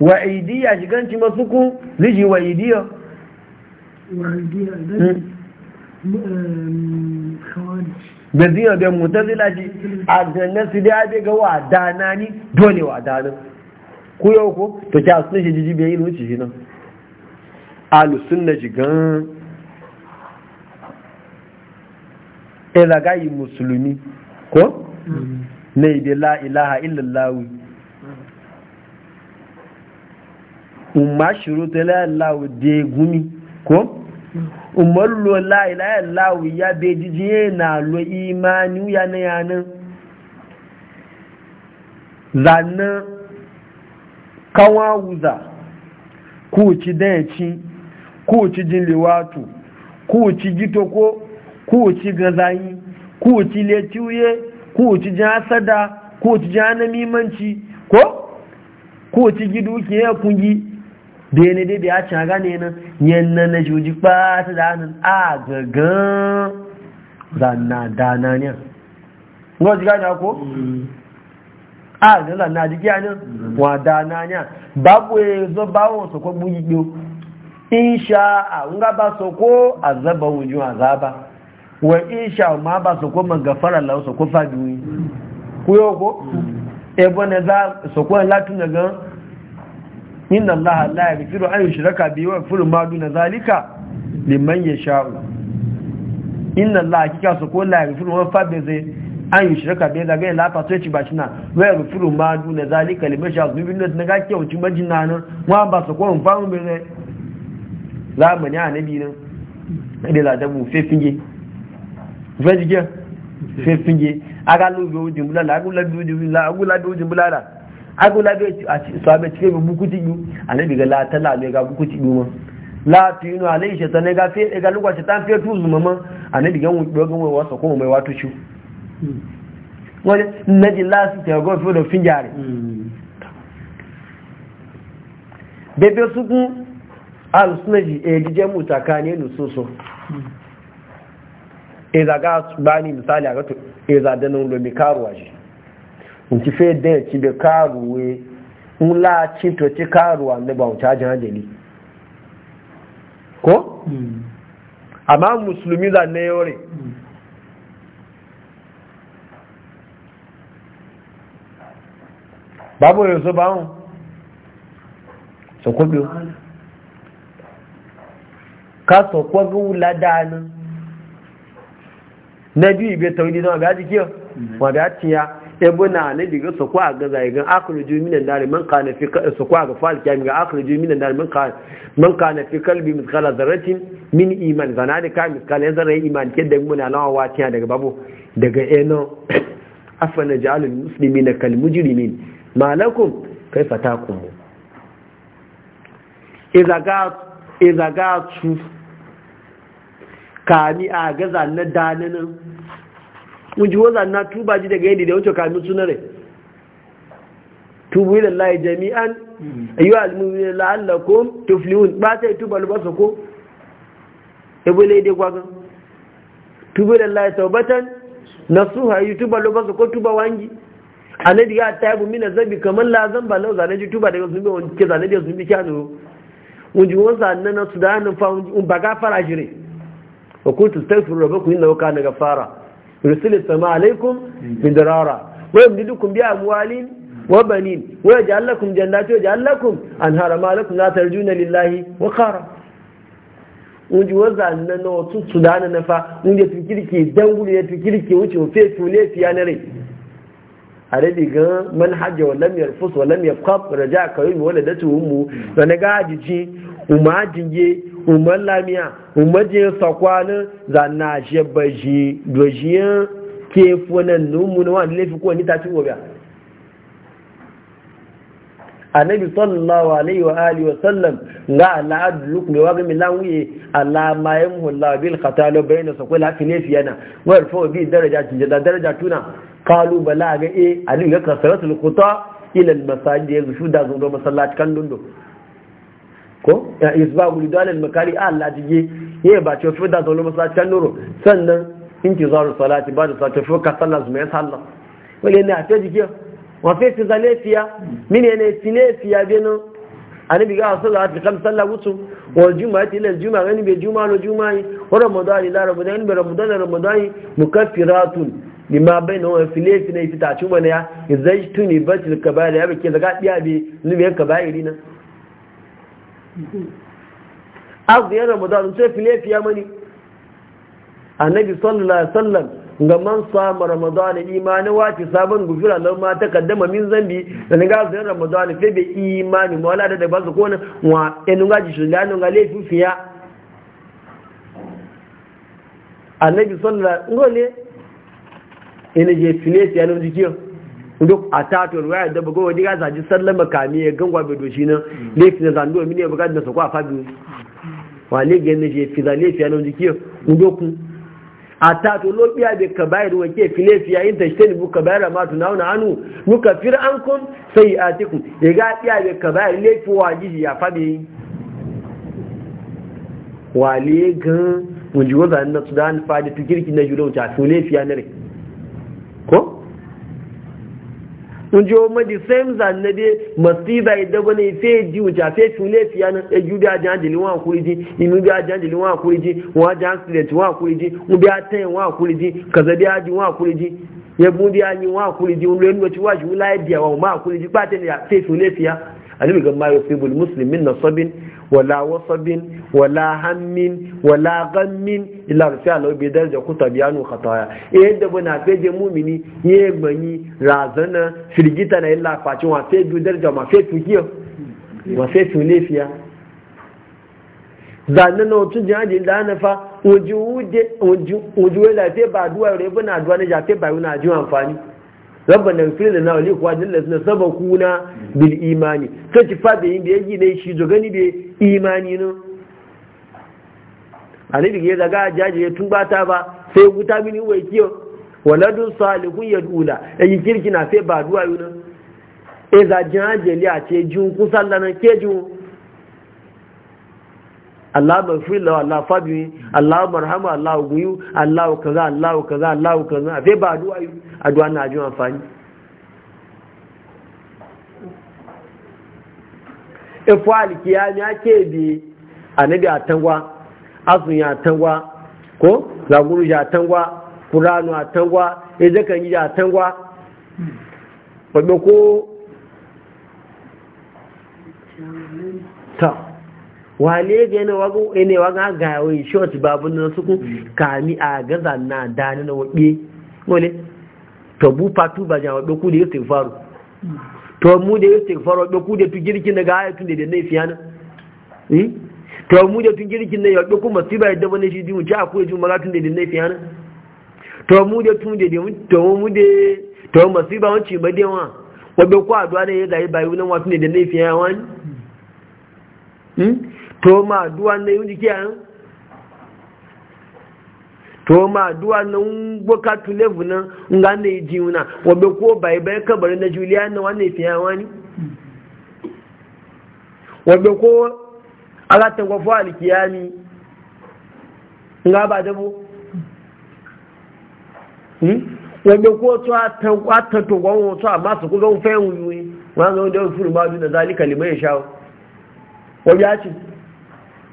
wa idiya shiganci masu ku liji wa idiya bezina da mutazila ji a ganin su da ya ga wa dana ni dole wa dana ku yau ko to ki asu shi jiji bai yi nuci shi nan alusun na shigan ilagayi musulmi ko hmm. na ibe la ilaha illallawi umma shiruta la de gumi ko umar lo la ya be na lo imani ya na yana zanna kawa kuci ku ci ku gitoko ku ci gazayi ku ci leciuye ku ci jasada ku ci ko ku ci kungi bene dai biya cin gane nan yanna na juji ba ta zanen a gagan zanna dana ne ngo ji gane ko a ga zanna ji gane wa dana ne babu e zo bawo so ko buyi do insha a nga ba so ko azaba wuju azaba wa insha ma ba so ko magafara lawo so ko fadi kuyo ko e bona za soko ko latun gan inna allaha la yaghfiru an yushraka bihi wa yaghfiru ma duna zalika liman yasha'u inna allaha kika so ko la yaghfiru wa fa an yushraka bihi daga fa to ci bashina wa yaghfiru ma duna zalika liman yasha'u bi da gake wuci majina nan wa ba so ko fa mu beze zamani annabi nan da la dabu fe finge fe finge fe finge aga lu go dimbula la agula du du agula be a ci so be ci be buku ti yu anabi ga la tala le ga buku ti yu ma la ti yu alai she tan ga fe ga lugwa she tan fe tu zuma ma anabi ga mu do ga mu wasa ko mai watu ci wani naji la su ta go fe do finjare bebe su ku al sunaji e dije mu takane nu soso e daga bani misali a ga to e za da nan lo mi karuwa shi nti fe den ti be karuwe nla ci to ne ba ko hmm. amma musulmi hmm. da ne yore babu yanzu ba hun sọ̀kọ́ bí ó ká sọ̀kọ́ gúnwù ti ti ya ebuna na diga su kwa ga zaigan ga akhruju minan dare man kana fi su kwa ga fal kyami ga akhruju minan dare man kana man kana fi kalbi mithqala zarratin min iman zana da ka mithqala zarra iman ke da muna lawa watiya daga babu daga eno afana ja'alul muslimina kal mujrimin malakum kaifa takumu idza ga idza ga su kami a gaza na dananin mun ji waza na tuba ji daga yadda da wancan kamin suna rai tubu ila lahi jami'an mm-hmm. ayyu almu'minu la'allakum tuflihun ba sai tuba albasa ko Ya lai dai gwagan tubu ila lahi taubatan su ayyu tuba albasa ko tuba wangi ta yi taibu mina zabi kamar la ba lau zane ji tuba daga sun bi wani ke zane da sun bi kyanu unji wansa na su da hannun fa un ba gafara jire wa kuntu yi na innahu kana fara. yursil sama alaikum midrara wa yumdidukum bi amwalin wa banin wa yaj'al lakum jannatin wa yaj'al lakum anhara ma lakum la juna lillahi wa qara unji waza na no tutu da na nafa unje tukirki dangulu ya tukirki wuce fe tule fiya na rai a rabi ga manhaja wa lam yarfus wa lam yafqab raja ka yi waladatu ummu da na gaji ji umma jinje umar lamiya umar je sakwani za na je baji dojiyan ke funan numu na wani laifi kowa ni ta ci gobe nabi sallallahu alaihi wa alihi wa sallam ga al'adu lukmi wa gami lanwuye alama ya bil katalo bayan da sakwai lafi ne fiye na. Wani fawo bi daraja tin da daraja tuna qalu bala ga e ali ga kasratul quta ila al masajid da zuwa masallaci kan dundo ko isbabu lidalil makari Allah jige yayi ba ce fi da sa, masallacin nuru sannan intizaru salati ba da salati fi ka sallah zuma sallah wale ne a ce jige wa fi su zalefiya mine ne filefiya benin annabi ga sallah ta kam sallah wutu wa juma'ati ila juma'a gani be juma'a lo juma'i wa ramadan ila ramadan be ramadan ramadan mukaffiratun lima bayna wa filefi ne fita cuma ne ya zaituni batil kabari ya be ke daga diya be zuwa kabari na aziyar ramadan sai file fiya mani annabi sallallahu alaihi wasallam ga man samu ramadan imani wace sabon gufira lau ma ta kaddama min zambi da ni gazu yin ramadan fe be imani ma wala da da ba su kona wa enu eh, ga ji shirya ga lefi fiya annabi sallallahu alaihi wasallam ne ina je file fiya nu jikiyo duk a tatar waya da bugo wani ga zaji sallama kami ya gangwa bai doshi nan laifin da zanduwa mini ya buga da su kwa fabi wa lege ne je fi zale fiya nan jiki ndokun a tatar lobiya bai ka bayar wa ke fi laifiya in tashi tani buka bayar ma tuna wani hannu muka fir an kun sai a tikun ya ga biya bai ka bayar laifin wa jiji ya fabi wa legan mun ji wazan na su da an fadi tukirki na julo ta fi laifiya na rai ko nje o ma di same zan na de masida ida bane fe ji uja fe tule fiya na eju bi ajan jeli wa ji inu bi ajan jeli wa akuri ji wa student wa ji mu bi aten wa akuri ji kaza aji wa akuri ji bu bi anyi wa akuri ji nlo enu ti wa ju lai e dia wa ma akuri ji pa te ni fe tule fiya ani mi ga ma yo fe bul wala wasabin wala hammin wala gammin ila rufi alau bai darja ku tabiyanu khataya yadda bu na feje mumini ye gbani razana firgita na illa faci wa du darja ma fe tukiyo ma fe tulefiya zanna na otu da na fa ojú wela fe ba aduwa rẹ bu na aduwa na ba bayu na ajiwa amfani rabbana ighfir lana wa li na saba kuna bil imani sai ci fa da yin da yaji dai shi jogani be imani no anabi ya daga jaje tun bata ba sai wuta mini wai kiyo waladun salihun yad'ula e yi kirki na sai ba duwa yuna e za li a ce jun kun sallana ke jun Allah fi lawa Allah fabi Allah marhama Allah guyu Allah kaza Allah kaza Allah kaza sai ba duwa yuna aduwa na ajiyar amfani ifo alikiyami ake bi anabi atangwa asun ya atangwa ko laguru ya atangwa qur'anu atangwa ezekan yi ya atangwa wadda ko ta wale ga yana wagon ene wagon ga yawon short babu na suku kami a gaza na dani na waɗe wale to bu fatu ba jama'a ɗauku da ya faru? to mu da ya faru, ɗauku da tun girkin daga ayatun da da fiyana yana hmm? to mu da tun girkin nan ya ɗauku masiba da bane shi jimu ci akwai jimu tun da da laifi yana to mu da tun da to mu da to masiba wancin ba da ko wadda ku aduwa ne ya zayi bayu nan wasu ne da laifi yana wani hmm? to ma aduwa ne yi kiyan to ma na boka tu levu na nga na iji una wabe ko bai bai na juliana wane wani fiya wani wabe ko ala ta gwafo alkiyami nga ba dabo wabe ko to a ta to gwanwo a masu kuga ufe wuyi wani zama da furu ma duna zalika limai shawo wabe ya ce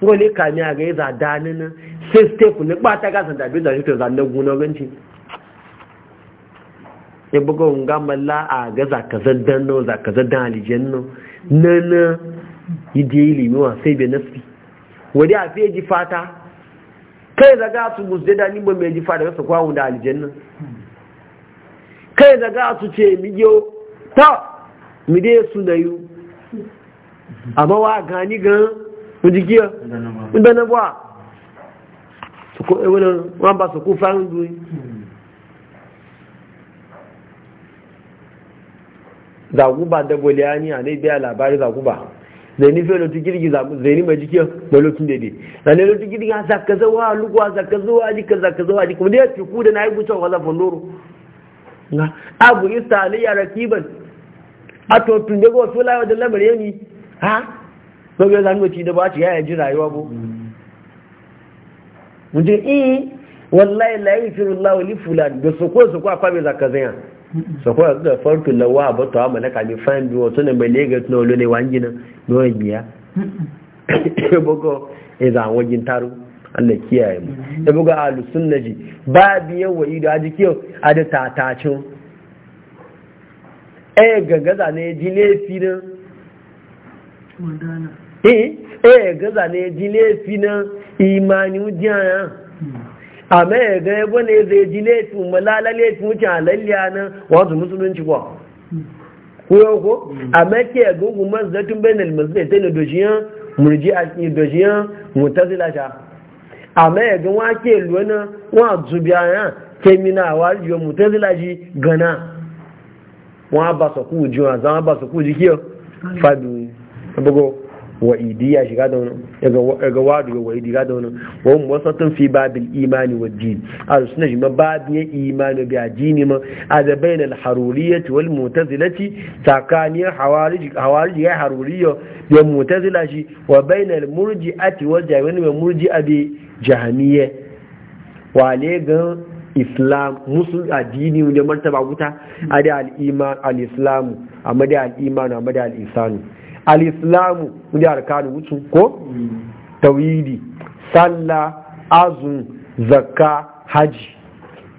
ngole kami a ga yi zadanin sai step ne ba ta gasa dabe da shi to zanne guna ganci ya buga wunga malla a ga zakazar dan no zakazar dan alijen no na na yi da yi limuwa sai bai nasi wadda a fiye ji fata kai zaga su musde da nima mai ji fata wasu kwawun da alijan no kai zaga su ce miyo ta mi dai su na yi amma wa gani gan mu jikiya? ba sòkó ewúrẹ́ wọ́n bá sòkó fáwọn dùn zaguba ya ni a biya labari zaguba zai ni fiye lotu girgi zai ni mai jikin mai lotun daidai na ne lotu girgi a zaka zawa lukuwa zaka zawa jika zaka zawa jika wanda ya fi ku da na yi gucewa wa zafin loro abu isa wasu lamar ha? da ba nje eh wallahi la yafirullahu li fulan da su ko su ko afa be zakazan so ko da farko lawa ba to amma na kali fan bi wato ne mai legat no lo ne wangina no biya boko idan wajin taru Allah kiyaye mu da buga ahlus sunnaji babu yawa ido aji kiyo ada tatacin eh gagaza ne ji lefi na eh eh gaza ne ji lefi na imani wujiya amma ya ga yabo ne zai ji laifin malala laifin wuce halalliya nan wasu musulunci ba kuyo ko amma ke gungun mazdatun bayan almasdai ta ne dojiyan murji a cikin dojiyan mutazila ta amma ya ga wake luwana wa zubiya ya kemina wa jiyo mutazila ji gana wa ba su ku jiwa zama ba su ku jikiyo fadu abugo wa'idiyya shiga da wani ga wadu ga wa'idi ga da wani wani wasatun fi babin imani wa jini a da suna shi ma babin imani biya jini ma a da bayan alharuriyyati wal mutazilati tsakaniyar hawariji ya haruriyya ya mutazila shi wa bayan almurji ati wal jami'in mai murji a bi wa wale gan islam musul addini wanda martaba wuta a da islamu, a da al'imanu a da al'isanu al’islamu islamu da arkanu wucu ko Tawidi, sallah azum zakka haji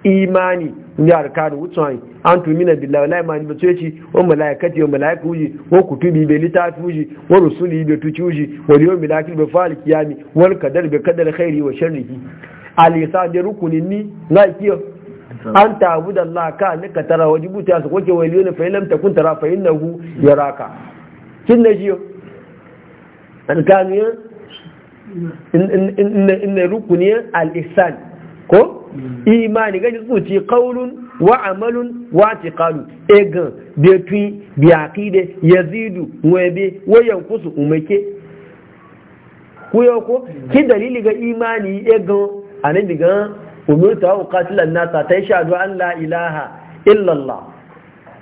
imani ni arkanu wucu ai an mina billahi wala imani ba tuci wa malaikati wa malaiku ji wa kutubi be littafi ji wa rusuli be tuci ji wa yawmil akhir be fal kiyami wal kadar be kadar khairi wa sharrihi alisa da rukunin ni na kiyo an abu da laka ka nika tara wajibu ta su kwanke wa ne na fahimta kun tara fa ya raka kin na jiyo inna Al al'isan ko mm. imani gani tsoci kaulun wa amalun wa tiqalu egan betwi bi aqide yazidu webe wayan kusu umeke kuyo ko mm. ki dalili ga imani egan anan diga umurta wa qatila nasa nas ta yashhadu an la ilaha illa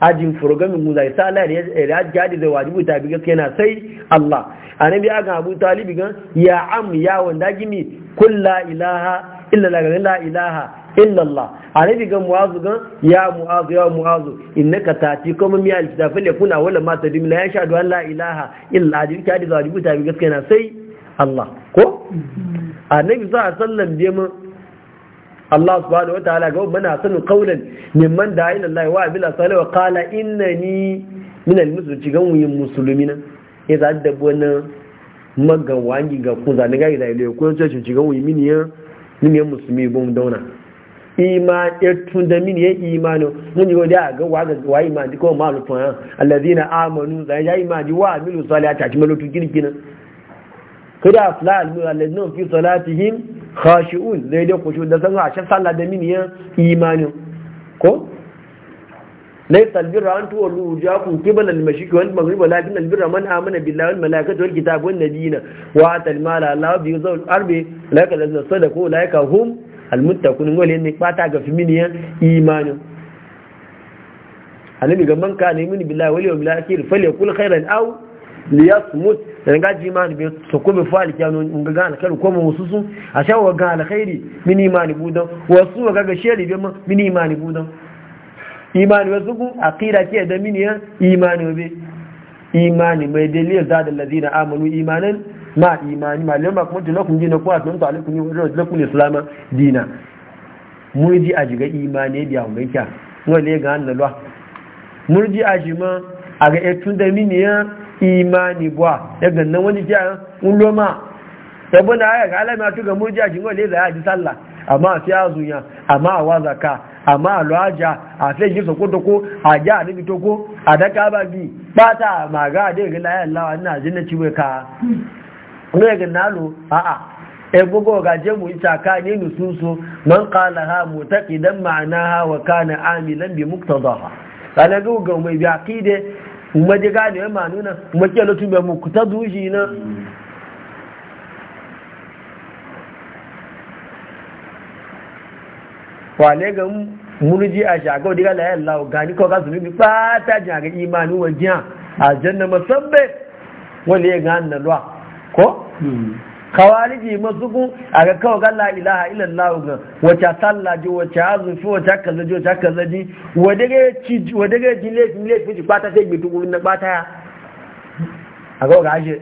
ajin furgamin mu zai sala da rajja da wajibu ta bi gaskiya na sai Allah annabi aga Abu Talib gan ya am ya wanda gimi kulla ilaha illa la ilaha illa Allah annabi gan muazu gan ya muazu ya muazu innaka tati kuma mi alkitafa le kuna wala ma tadim la yashadu an la ilaha illa ajin jadi da wajibu ta bi gaskiya na sai Allah ko annabi sallallahu alaihi wasallam bai Allah subhanahu wa ta'ala ga mana sanin kaulan mimman da ayin Allah wa abila salihu qala innani min almuslimin gan wuyin na ya za da wani magawangi ga ku zani ga ilayi ko ce ko gan wuyin min ya min ya musulmi mu dauna iman ya tun da min ya imanu mun yi da ga wa ga wa iman ko malufan alladhina amanu za ya imani wa amilu salihati a cikin malutun kirkina kada fula almuwa lalazinan fi salatihim khashi'un zai dai kushu da san hashe sallah da min yan imanin ko lai talbirra an tuwa lu ja kun kibal al mashiki wal maghrib wal lakin albirra man amana billahi wal malaikati wal kitab wan nabiyina wa atal mala allah bi zawl arbi laka lazna sadaku laika hum al muttaqun wal yan fata ga fi min yan imanin alimi gaman ka ne min billahi wal yawmil akhir fal yakul khairan aw liyasmut dan gaji imani be so ko be fali kyano ga alkhairi kuma mu susu a sha wa ga alkhairi mini imani budan wasu wa ga sheri be mini imani budan imani wasu ku aqida ke da mini ya imani be imani mai dalil da da ladina amanu imanan ma imani ma lamma kuma dilakum dina ko atun ta alaikum wa lakum islama dina murji a jiga imani biya mai kya ngole ga annalwa murji a jima a ga etun da mini ya imani bwa ya gannan wani kiyayen uloma da haya ga alama tuga murjiya shi da ya ji sallah amma a siya zuya amma a wazaka amma a lwaja a fiye ji soko toko a ji a nufi toko a daka ba bi bata maga a daga yan lawa ina jin ciwe ka ne ga nalo a'a e bugo ga je mu ita ka ne nususu man qala ha mutaqidan ma'anaha wa kana amilan bi muqtadaha kana ga mai bi aqide maji gane ya manu nan maki alatu mai muku ta zuji na wale ga murji a shagau um, diga la yalla gani ko ka zunubi ba ta jaga imani wajiya a janna masabbe wale ga nan ko kawaliji mazugu a ga kawai ga la'ilaha illallah ga wacce sallaji wacce azufi wacce kazaji wacce kazaji wadda ga ji laifin laifin ji kwata sai gbe tukurin na kwata ya a kawo ga ashe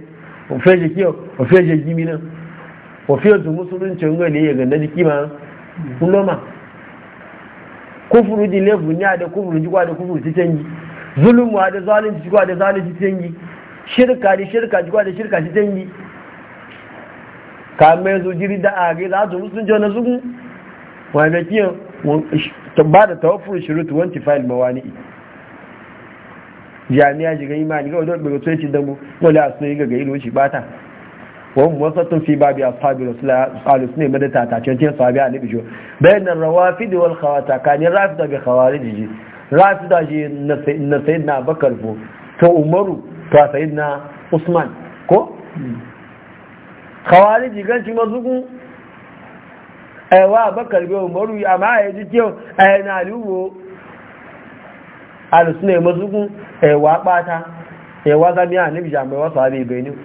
ofeje kiyo ofeje gimi nan ofeje su musulunci nwa ne ya ganda jiki ma kuloma kufuru ji laifin ya da kufuru ji kwada kufuru ci canji zulumu da zalunci ji kwa zalunci ci canji shirka da shirka ji kwada shirka ci canji kamar zo jiri da are za su musu jona zugu wanda kiyan ba da tawafin shirutu wanti fayil mawani'i jami'a shiga imani ga wadda ɓaga tsoci damu wale a suna yi ga gailo shi bata wani wasatun fi babi a sabi su ne madata ta cancin sabi a nabi jo bayan nan rawa fi da wal khawata kanin rafi da bai khawari jiji rafi da ji na sayid na bakar ko ta umaru ta sayid na usman ko hmm. kawari jiganci mazugu aiwa bakar bai umaru amma ya ji kyau a yana lubo alusunai mazugu aiwa bata aiwa zamiya nibija mai wasu abin benin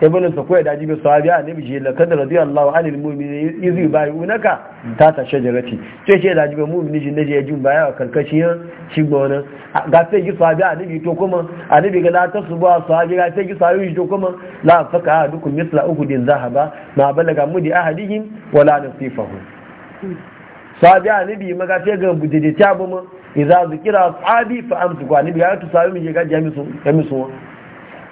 ibn sakwai da jibi sahabi a nabi jela kada radiyallahu anil mu'min izu bai unaka ta ta shajarati ce ce da jibi mu'mini jin naje jin baya karkashi shi gona ga sai ji sahabi a nabi to kuma a nabi ga ta su ba sahabi ga sai ji sahabi ji to kuma la faka dukum misla uhudin zahaba ma balaga mudi ahadihim wala nasifahu sahabi a nabi maga sai ga budede ta bu mu idza zikira sahabi fa amsu ga nabi ya to sahabi mi ga jami'u jami'u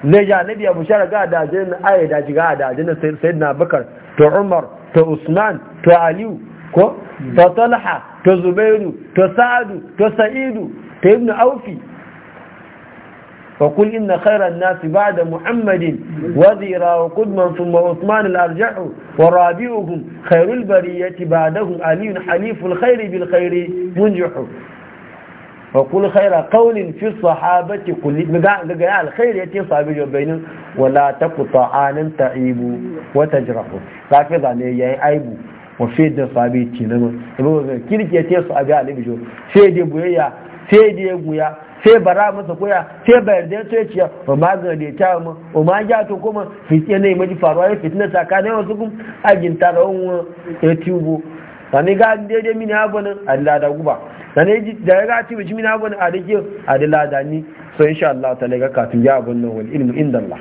ne ya nabi abu shara ga da jin ayi da jiga da jin sayyidina bakar to umar to usman to aliyu ko to talha to zubairu to sa'adu to sa'idu to ibnu aufi فقل إن خير الناس بعد محمد وذيرا وقدما ثم عثمان الأرجح ورابعهم خير البرية بعدهم علي حليف الخير بالخير منجح فقل خير قول في الصحابة ya مجا الخير يتي صحابي بين ولا تقطع عن تعيب وتجرح كافي ظني da عيب وفي صحابي تنما da يتي صحابي علي بجو في دي su في sai bara masa koya sai bayar da sai ciya ba ma ga da ta mu o ma ja to kuma fitina ne maji faruwa ya fitina tsakanin wasu a agin tarawon ya tubo sani ga daidai mini abonin adilada guba sani da ya ga cibici mini abonin a dake adilada ni so sha Allah ta laga kafin ya abon nan wani, ilmi inda Allah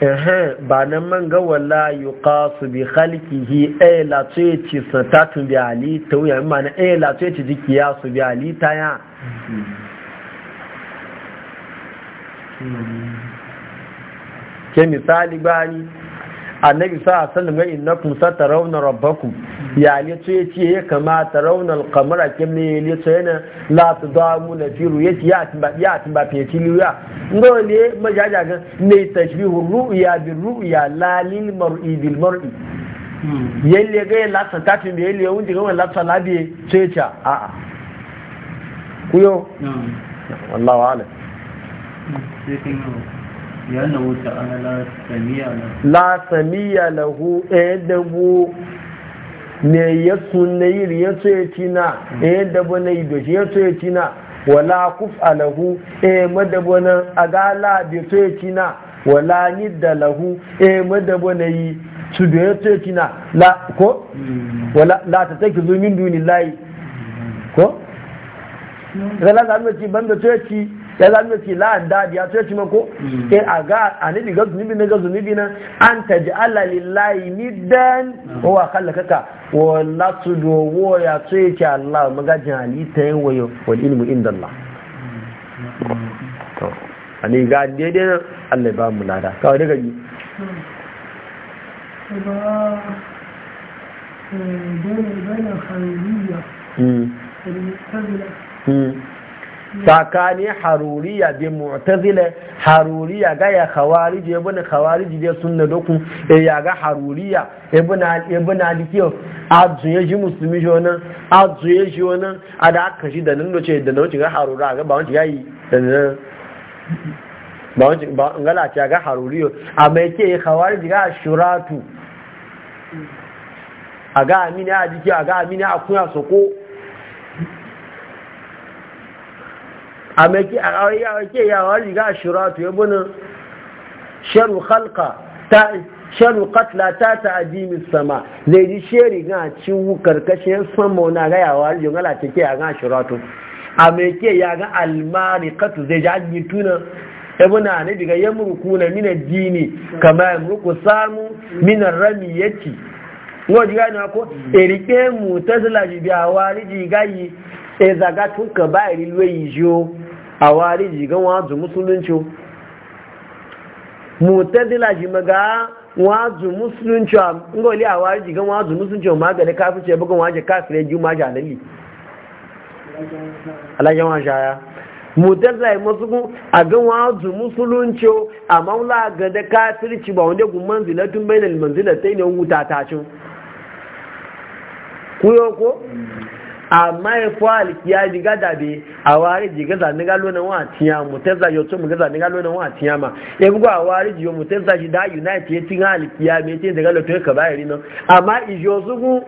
ehe ba nan man ga wala kasu bi khalqihi eh, ay ci tuci satatu bi ali wuya yi mana eh, ay ci jiki ya su bi ali ta ya ke misali bani annabi sa sallam ga innakum satarawna rabbakum ya ne to ce ya kamata rauna alqamara kim ne ne to yana la tudamu na fi ru'yati ya timba ya timba fi tiliya ngo ne majaja ga ne tashbihu ru'ya bil ru'ya la lil mar'i bil mar'i hmm. Ya ga la sa tatin da yalle wunji ga la sa labi ceca a a kuyo hmm. wallahu alam hmm. la samiya lahu ɗaya eh, dabo ne ya sunna ne ya so ya tina yadda dabo na yi ya so ya tina eh, wala kuf alahu ɗaya eh, madabo na agala da so ya tina wala nidda lahu ɗaya madabo na yi su da ya so ya tina la ko wala la ta take zo min duni layi ko? Zala zama ci banda so ya ci ya zama ce la'an dadi ya ce ma ko in mm. eh, a ga a nibi ga zunubi na ga zunubi na an ta ji ala lillahi nidan mm. wa kalla kaka wala su dogo ya tsaye ce Allah magajin ta yin wayo wani ilmu inda Allah a ne ga daidai na Allah ba mu lada kawai daga yi بين mm. tsakani haruriya bi mu'tazila haruriya ga ya khawarij ibn khawarij da sunna doku e ya ga haruriya ibn ibn alikiyo azu ya ji musulmi jona azu ya ji wona ada aka shi da nan doce da nan ga harura ga ba wanci yayi da nan ba wanci ba ngala ta ga haruriyo amma yake khawarij ga shuratu aga amina a jiki aga amina a kuya soko a maki a wake yawa riga a to ya bunin sharu halka ta sharu katla ta ta ajimi sama zai ji sheri ga ciwu karkashin sama wani ga yawa riga ngala ta ke a ga to a ke ya ga almari katu zai ji ajiyar tuna ibuna ne diga ya murku na mina dini kama ya murku samu mina rami yaki ngo diga na ko erike mu tasla ji biya wari ji gayi e zaga tun ka ba iri loyi jo a wari jigan wazu musulunci mutadila ji maga wazu musulunci ngoli awari jigan wazu musulunci ma ga da kafirce bugun waje kafirai ji ma jalali alajan wa shaya mutadila yi a gan wazu musulunci a maula ga da kafirci ba wanda gun manzilatun bainal manzilatai ne wuta kuyo ko amma ya fi aliki ji gada be a wari ji gaza ni galo na wa tiya mu tezza yo mu gaza ni galo na wa tiya ma e bugo a wari ji mu ji da unite ya tin aliki ya me tin daga lotu ka bayari no amma ijo sugu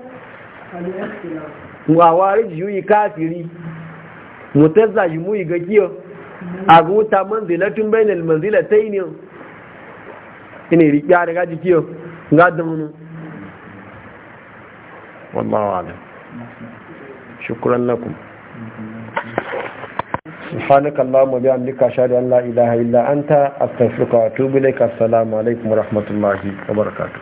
wa wari ji yi kafiri mu mu yi gakiyo a guta manzilatun bainal manzilatayn shukuran naku sufanika Allah mu Allah ilaha illa an ta astagfirka wa tubi laika assalamu alaikum rahmatullahi wa barakatuh